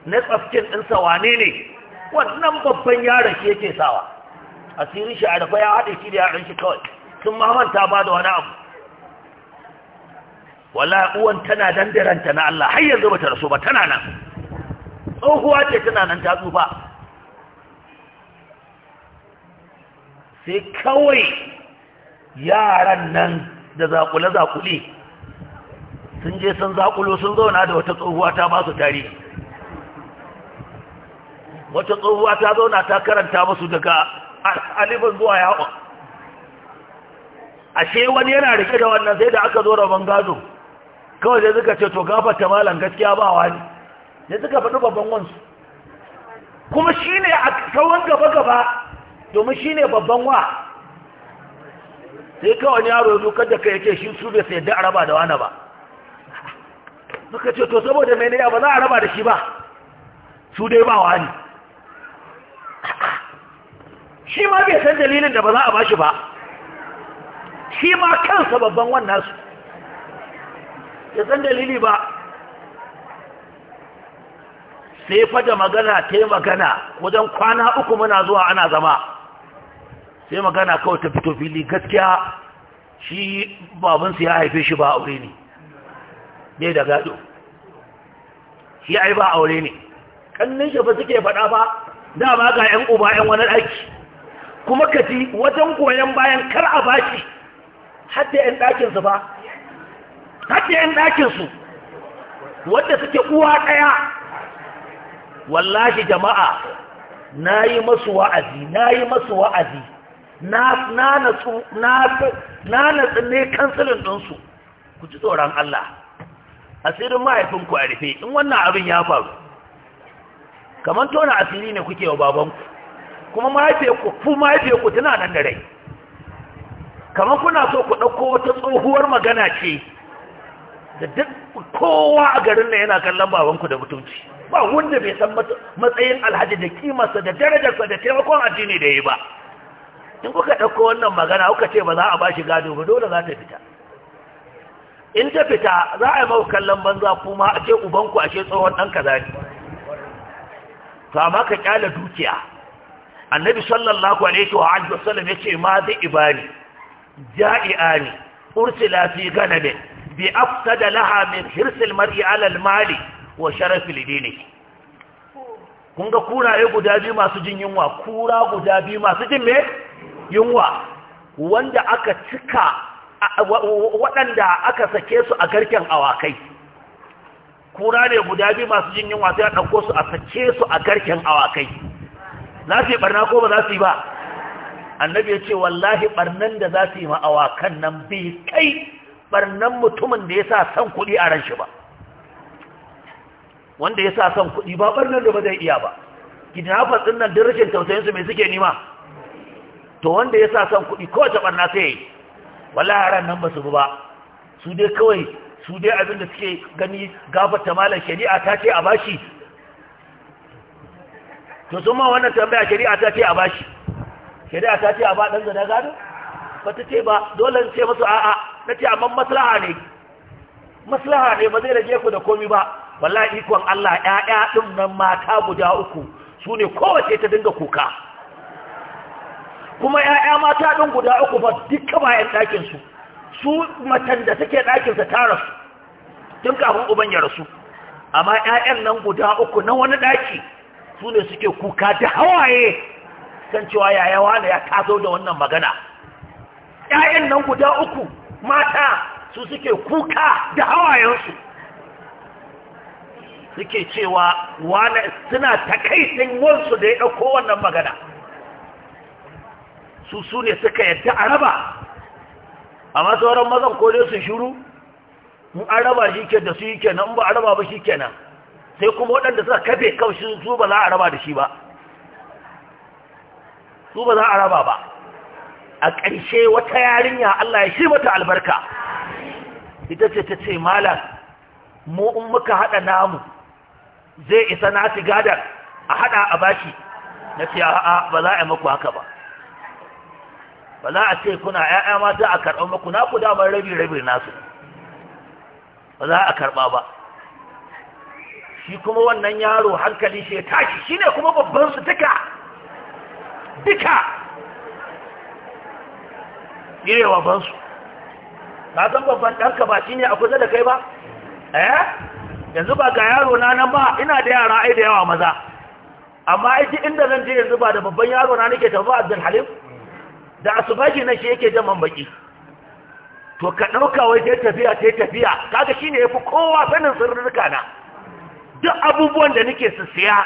na tsafkin ɗinsa wane ne wannan babban yaron shi yake sawa asirin shi a ya haɗe shi da yaron shi kawai Tun sun ta ba da wani abu wala uwan tana dandaranta na Allah har yanzu bata rasu ba tana nan tsohuwa ce tana nan ta tsufa sai kawai yaran nan da zakule-zakule sun je sun zakulo sun zauna da wata tsohuwa ta ba su tarihi wata tsohuwa ta zauna ta karanta musu daga alifin zuwa yawon ashe wani yana rike da wannan sai da aka zo rabon gado kawai sai suka ce to gafata malam gaskiya ba wani sai suka faɗi babban wansu kuma shi ne a tsawon gaba-gaba domin shi ne babban wa sai kawai yaro ya dukar da kai yake shi su bai sai da araba da wani ba suka ce to saboda mai ne ba za a raba da shi ba su dai ba wani shi ma bai san dalilin da ba za a ba shi ba shi ma kansa babban wannan su ya san dalili ba sai fada magana ta yi magana wajen kwana uku muna zuwa ana zama sai magana kawai ta fito fili gaskiya shi babansu ya haife shi ba aure ne ne da gado shi ai ba aure ne kannin shi ba suke faɗa ba dama ga 'yan uba 'yan wani ɗaki kuma kaci wajen goyon bayan kar a bashi hadda 'yan ɗakinsu ba hadda 'yan ɗakinsu wadda suke uwa ɗaya wallahi jama'a na yi masu wa'azi na yi masu wa'azi na natsu ne kansilin ɗinsu ku ji tsoron Allah asirin mahaifinku a rufe in wannan abin ya faru kamar tona asiri ne kuke wa babanku kuma mahaifinku ku mahaifinku tana nan da rai kamar kuna so ku ɗauko wata tsohuwar magana ce da duk kowa a garin nan yana kallon babanku da mutunci ba wanda bai san matsayin alhaji da kimarsa da darajarsa da taimakon addini da yi ba in kuka ɗauko wannan magana kuka ce ba za a ba shi gado ba dole za ta fita in ta fita za a yi mawa kallon banza kuma a ce ubanku a ce tsohon ɗan kaza ne to amma ka kyala dukiya annabi sallallahu alaihi wa alihi wasallam yace ma zai ibani ja'iani ursila fi ganamin bi afsada laha min hirsil mar'i ala mali wa sharafi lidini kun ga kuraye guda biyu masu jin yunwa kura guda biyu masu jin me yunwa wanda aka cika waɗanda aka sake su a garken awakai kura ne guda biyu masu jin yunwa sai a ɗauko su a sake su a garken awakai za su yi ɓarna ko ba za su yi ba annabi ya ce wallahi ɓarnan da za su yi ma nan bi kai ɓarnan mutumin da ya sa son kuɗi a ran shi ba wanda ya sa son kuɗi ba ɓarnan da ba zai iya ba gidan hafa nan dirishin rashin tausayinsu mai suke nima to wanda ya sa son kuɗi kowace ɓarna sai ya yi wala yaran nan ba su ba su dai kawai su dai abin da suke gani gafata malar shari'a ta ce a bashi to sun ma wannan tambaya shari'a ta ce a bashi shari'a ta ce a ba ɗan zana gado ba ta ce ba dole ce masu a'a na ce amma maslaha ne maslaha ne ba zai rage ku da komi ba wallahi ikon Allah ƴaƴa ɗin nan mata guda uku su ne kowace ta dinga kuka kuma ‘ya'ya mata ɗin guda uku ba duka bayan ɗakinsu su matan da take ɗakinsa ta rasu tun kafin uban ya rasu amma ‘ya'yan nan guda uku na wani ɗaki su ne suke kuka da hawaye kan cewa yaya wani ya taso da wannan magana ‘ya'yan nan guda uku mata su suke kuka da hawayensu suke cewa wani suna takaitin wansu da ya ɗauko wannan magana su su ne suka yadda a raba amma sauran mazan ko dai su shiru mu an raba shi ke da su yi kenan in ba a raba ba shi kenan sai kuma waɗanda suka kafe kawai su ba za a raba da shi ba su ba za a raba ba a ƙarshe wata yarinya Allah ya shi mata albarka ita ce ta ce malam mu in muka haɗa namu zai isa nasi gadar a haɗa a bashi na ce a'a ba za a yi maku haka ba ba za a ce kuna ‘ya'ya mata a karɓar maku na ku damar rabi-rabi nasu ba za a karɓa ba shi kuma wannan yaro hankali shi tashi shi ne kuma babban su duka duka ire su. Na san babban ɗanka ba shi ne a kusa da kai ba eh yanzu ba ga yaro na nan ba ina da yara ai da yawa maza amma aiki inda zan je yanzu ba da babban yaro na nake tafi abdul halim da asubagi na shi yake jaman baki to ka ɗauka wai sai tafiya sai tafiya kaga shine yafi kowa sanin sirrika na duk abubuwan da nake su siya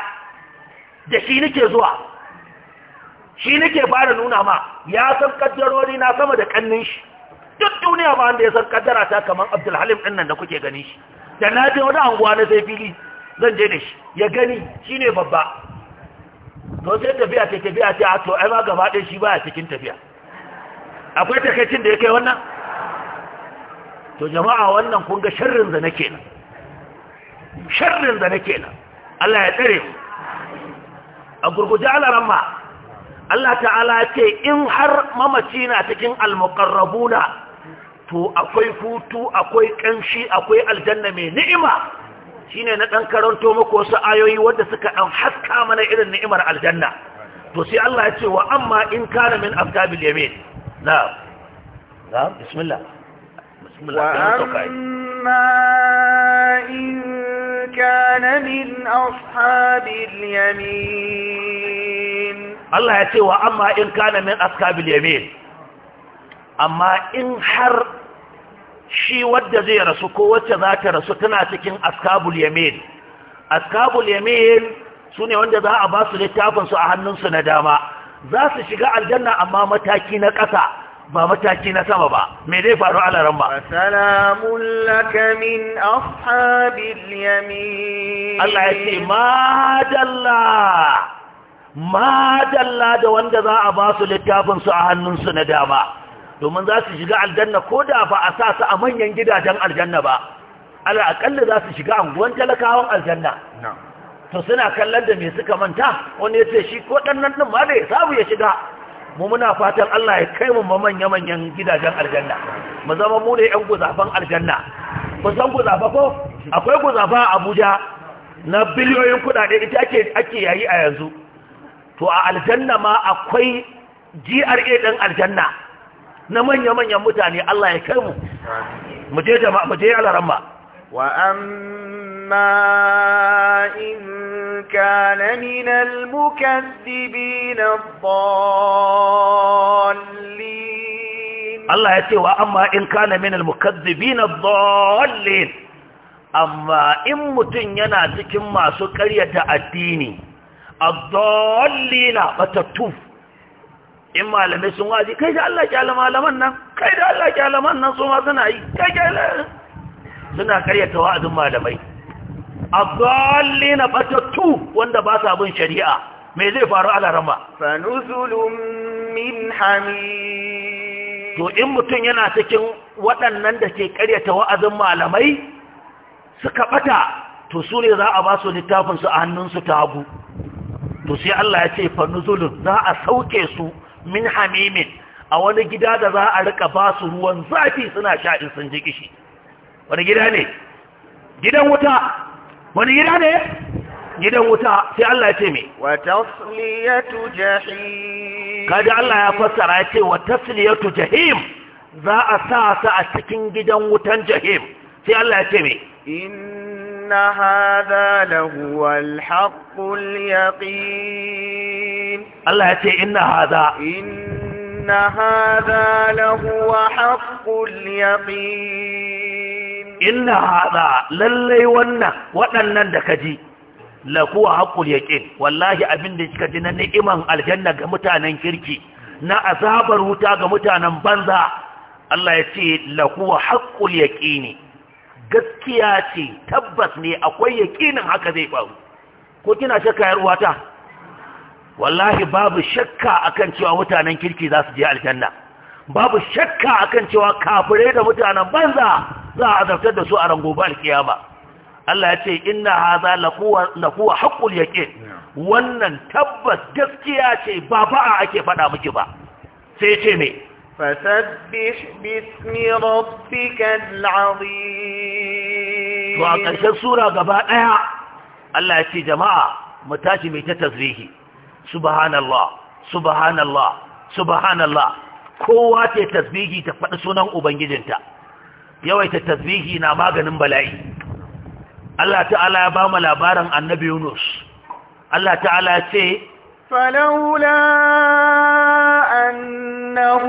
da shi nake zuwa shi nake fara nuna ma ya san kaddarori na sama da kannin shi duk duniya ba wanda ya san kaddara ta kamar Abdulhalim din nan da kuke gani shi da na je wani anguwa na sai fili zan je da shi ya gani shi ne babba no sai tafiya ce tafiya ce a to ai ma gaba ɗaya shi baya cikin tafiya akwai takaicin da ya kai wannan to jama'a wannan kun ga sharrin zane kenan sharrin zane kenan Allah ya tsare mu a gurguje ma Allah ta'ala ce in har mamaci na cikin almuqarrabuna to akwai hutu akwai kanshi akwai aljanna mai ni'ima shine na dan karanto muku wasu ayoyi wanda suka dan haska mana irin ni'imar aljanna to sai Allah ya ce wa amma in kana min ashabil yamin na'am na'am bismillah bismillah amma in kana min ashabil yamin Allah ya ce wa amma in kana min ashabil yamin amma in har shi wadda zai rasu ko wacce za ta rasu tana cikin askabul yamin askabul yamin su ne wanda za a ba su littafinsu a hannunsu na dama za su shiga aljanna amma mataki na ƙasa ba mataki na sama ba me zai faru a laran ba Allah ya ce madalla madalla da wanda za a ba su littafinsu a hannunsu na dama domin za su shiga aljanna ko da ba a sa su a manyan gidajen aljanna ba ala akalla za su shiga anguwan talakawan aljanna to suna kallon da me suka manta wani ya ce shi ko ɗannan ɗin ma da ya samu ya shiga mu muna fatan Allah ya kai mu manya-manyan gidajen aljanna mu zama mu ne ƴan guzafan aljanna ku san guzafa ko akwai guzafa a Abuja na biliyoyin kuɗaɗe ita ake ake yayi a yanzu to a aljanna ma akwai GRA ɗin aljanna na manya-manyan mutane Allah ya kai mu mu je jama'a mu je alaramma wa amma in kana min al-mukaththibin ad-dallin Allah ya ce wa amma in kana min al-mukaththibin ad-dallin amma in mutun yana cikin masu ƙaryata addini ad-dallina batattu in malamai sun waje kai da Allah kyala malaman nan kai da Allah kyala man nan su ma suna yi kai kyala suna karyata wa'azin malamai bata tu wanda ba sa bin shari'a me zai faru a ba? fanuzulum min hamim to in mutum yana cikin waɗannan da ke karyata wa'azin malamai suka bata to su ne za a ba su littafin a hannunsu ta hagu to sai Allah ya ce fanuzulun za a sauke su min hamimin a wani gida da za a rika ba su ruwan zafi suna sha in sun ji kishi wani gida ne gidan wuta wani gida ne gidan wuta sai Allah ya ce me wa tasliyatu jahim Kada Allah ya fassara ya ce wa tasliyatu jahim za a sa su a cikin gidan wutan jahim sai Allah ya ce me إن هذا لهو الحق اليقين الله يتي إن هذا إن هذا لهو حق اليقين إن هذا للي ونا ونن دكجي لهو حق اليقين والله أبن دكجنا نئمان الجنة متانا كركي na azabar wuta ga mutanen banza Allah ya ce lahuwa haƙƙul yaƙini gaskiya ce tabbas ne akwai yakinin haka zai faru ko kina shakka yar uwata wallahi babu shakka akan cewa mutanen kirki za su je aljanna babu shakka akan cewa kafirai da mutanen banza za a azabtar da su a rangoba alkiyama Allah ya ce inna hadha laquwa haqqul yaqin wannan tabbas gaskiya ce ba ba'a ake faɗa miki ba sai ce me فسبح باسم ربك العظيم to a ƙarshen sura gaba ɗaya Allah ya ce jama'a mu tashi mai ta tasbihi subhanallah subhanallah subhanallah kowa ce tasbihi ta faɗi sunan ubangijinta yawaita tasbihi na maganin bala'i Allah ta'ala ya bamu labarin annabi Yunus Allah ta'ala ya ce falaula an إنه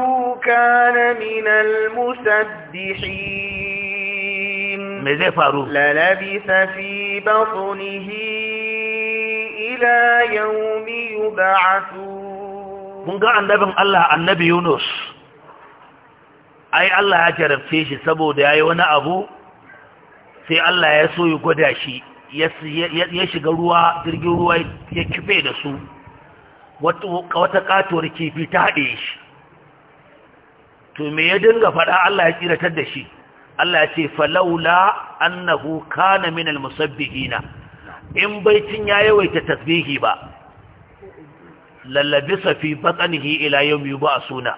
كان من المسبحين للبث في بطنه إلى يوم يبعثون من قال النبي الله النبي يونس ai Allah ya jarabce shi saboda ya yi wani abu sai Allah ya so ya gwada shi ya shiga ruwa jirgin ruwa ya kife da su wata katuwar kifi ta haɗe shi to me ya dinga faɗa Allah ya tsiratar da shi Allah ya ce falaula annahu kana min almusabbihina in baitin ya yawaita tasbihi ba lallabisa fi batnihi ila a suna.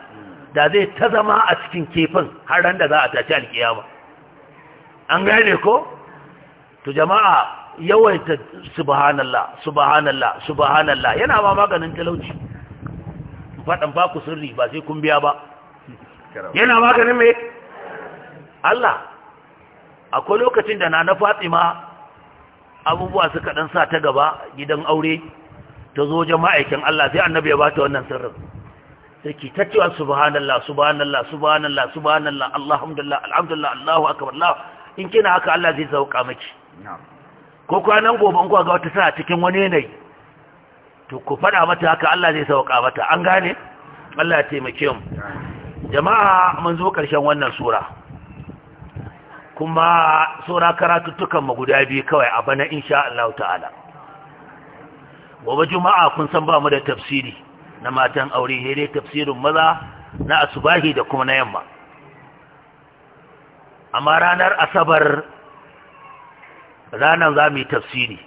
da zai ta zama a cikin kefin har ran da za a tashi alkiyama an gane ko to jama'a yawaita subhanallah subhanallah subhanallah yana ma maganin talauci faɗan ba ku sirri ba sai kun biya ba yana maganin mai Allah akwai lokacin da na na fatima abubuwa suka ɗan sa ta gaba gidan aure ta zo jama'aikin Allah sai annabi ya bata wannan sirrin sai ki cewa subhanallah subhanallah subhanallah subhanallah alhamdulillah alhamdulillah Allahu akbar Allah in kina haka Allah zai sauka miki ko kwanan gobe ko ku ga wata sa cikin wani yanayi to ku faɗa mata haka Allah zai sauka mata an gane Allah ya taimake mu jama'a mun zo ƙarshen wannan sura kuma sura karatuttukan mu guda biyu kawai a bana insha Allah ta'ala gobe juma'a kun san ba mu da tafsiri na matan aure dai tafsirin maza na asubahi da kuma na yamma amma ranar asabar ranar za mu yi tafsiri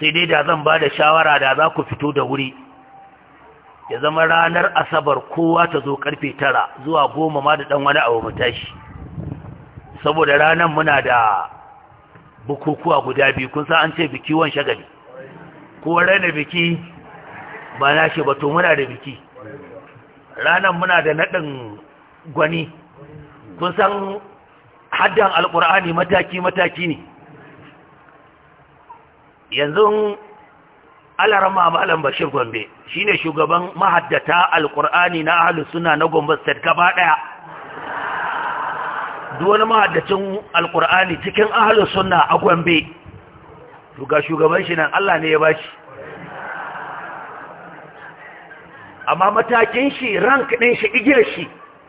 sai dai da zan ba da shawara da za ku fito da wuri ya zama ranar asabar kowa ta zo karfe tara zuwa goma ma da ɗan wani abu mu tashi saboda ranar muna da bukukuwa guda biyu kun san an ce biki wan shagali ko ranar biki ba na shi ba to muna da biki ranar muna da naɗin gwani kun san haddan alƙur'ani mataki-mataki ne yanzu alarama malam bashir gombe shine shugaban mahaddata alqur'ani na ahli sunna na gombe state gaba daya duk wani mahaddacin alqur'ani cikin ahli sunna a gombe to ga shugaban shi nan Allah ne ya bashi amma matakin shi rank din shi igiyar shi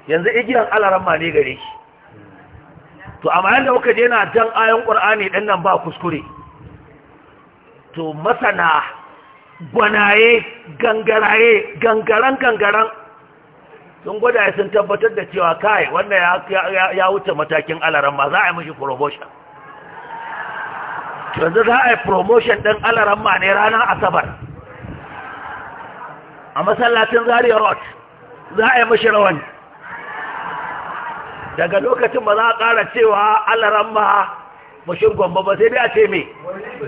yanzu igiyar alarama ne gare shi to amma yanda kuka je na jan ayon qur'ani din nan ba kuskure to masana gwanaye gangaraye gangaran gangaran sun gwada ya sun tabbatar da cewa kai wannan ya wuce matakin alaramma za a yi mashi promotion yanzu za a yi promotion ɗin alaramma ne ranar asabar a masallacin zariya rot za a yi mashi rawan daga lokacin ba za a ƙara cewa alaramma bashir gwamba ba sai dai a ce mai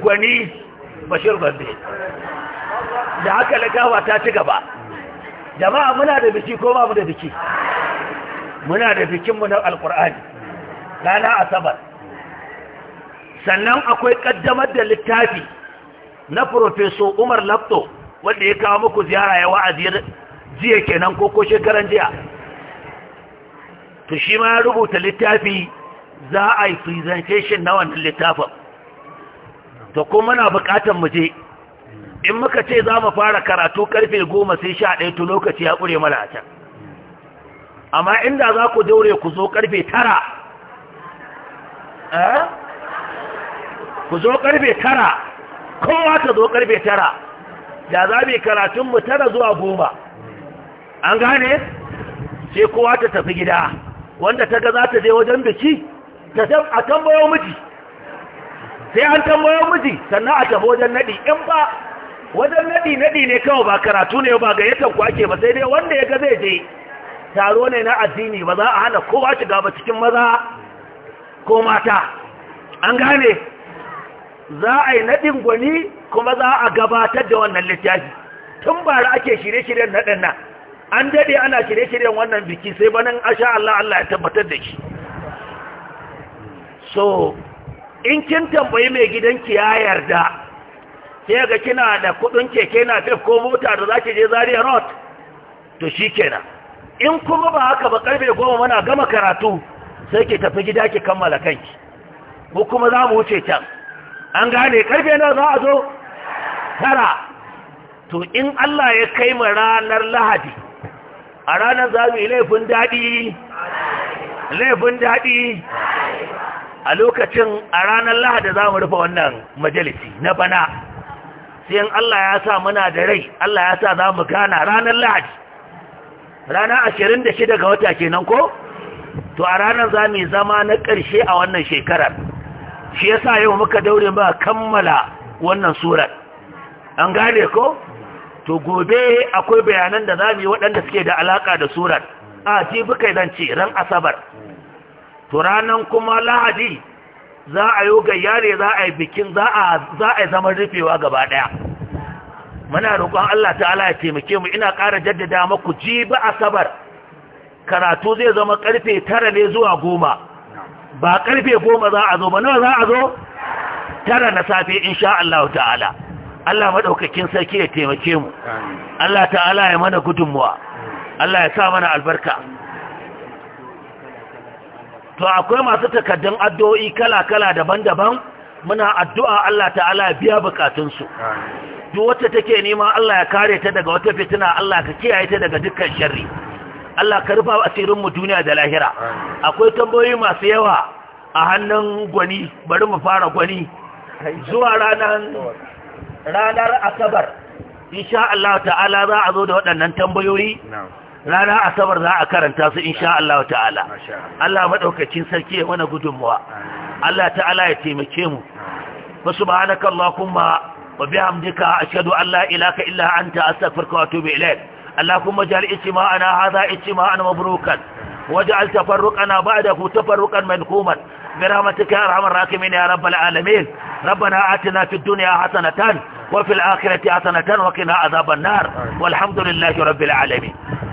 gwani bashir gwambe da haka lagawa ta ci gaba jama'a muna da biki ko ba mu da biki muna da bikinmu na alkur'ani rana asabar sannan akwai kaddamar da littafi na furofeso umar lapto wanda ya kawo muku ziyara ya wa'azi jiya kenan ko ko shekaran jiya to shi ma ya rubuta littafi za a yi presentation na wannan littafin to kuma muna bukatar mu je in muka ce za mu fara karatu karfe goma sai sha ɗaya to lokaci ya ƙure mana a can amma inda za ku daure ku zo karfe tara eh? ku zo karfe tara kowa ta zo karfe tara da za mu yi karatunmu tara zuwa goma an gane sai kowa ta tafi gida wanda ta ga za ta je wajen biki a tambayo miji sai an tambayo miji sannan a tafi wajen naɗi in ba wajen nadi nadi ne kawai ba karatu ne ba gayyatar ku ake ba sai dai wanda ya ga zai je taro ne na addini ba za a hana kowa shiga ba cikin maza ko mata an gane za a yi nadin gwani kuma za a gabatar da wannan littafi tun bara ake shirye-shiryen naɗin nan an daɗe ana shirye-shiryen wannan biki sai banin asha Allah Allah ya tabbatar da shi so in kin tambayi mai gidanki ya yarda sai ga kina da kudin keke na fef ko mota da zaki je Zaria Road to shikenan in kuma ba haka ba karfe goma muna gama karatu sai ke tafi gida ki kammala kanki ko kuma za mu wuce can an gane karfe na za a zo tara to in Allah ya kai mu ranar Lahadi a ranar za mu laifin daɗi laifin daɗi a lokacin a ranar Lahadi za mu rufe wannan majalisi na bana sai in Allah ya sa muna da rai Allah ya sa za mu gana ranar lahadi Rana ashirin da shida ga wata kenan ko to a ranar za mu zama na ƙarshe a wannan shekarar shi ya sa yau muka daure ba kammala wannan surar an gane ko to gobe akwai bayanan da za mu yi waɗanda suke da alaƙa da surar a ji bukai zance, ran asabar to ranar kuma lahadi za a yi gayyare za a yi bikin za a yi zaman rufewa gaba daya muna roƙon Allah ta'ala ya taimake mu ina ƙara jaddada maku ji ba asabar karatu zai zama ƙarfe tara ne zuwa goma ba ƙarfe goma za a zo ba nawa za a zo tara na safe insha Allah ta'ala Allah Maɗaukakin sarki ya taimake mu Allah ta'ala ya mana gudunmuwa Allah ya sa mana albarka to akwai masu takaddun addu'o'i kala-kala daban-daban muna addu'a Allah ta'ala biya bukatunsu duk wacce take nema Allah ya kare ta daga wata fitina Allah ka kiyaye ta daga dukkan sharri Allah ka rufa asirin mu duniya da lahira akwai tambayoyi masu yawa a hannun gwani bari mu fara gwani zuwa ranar ranar asabar insha Allah ta'ala za a zo da waɗannan tambayoyi rana asabar za a karanta su insha Allah ta'ala Allah maɗaukacin sarki ya wani gudunmuwa Allah ta'ala ya taimake mu fa subhanaka allahumma wa ilaka illa an la ilaha illa anta astaghfiruka wa atubu ilaik اللهم اجعل اجتماعنا هذا اجتماعا مبروكا واجعل تفرقنا بعده تفرقا منكوما برحمتك يا ارحم الراحمين يا رب العالمين ربنا آتنا في الدنيا حسنة وفي الآخرة حسنة وقنا عذاب النار والحمد لله رب العالمين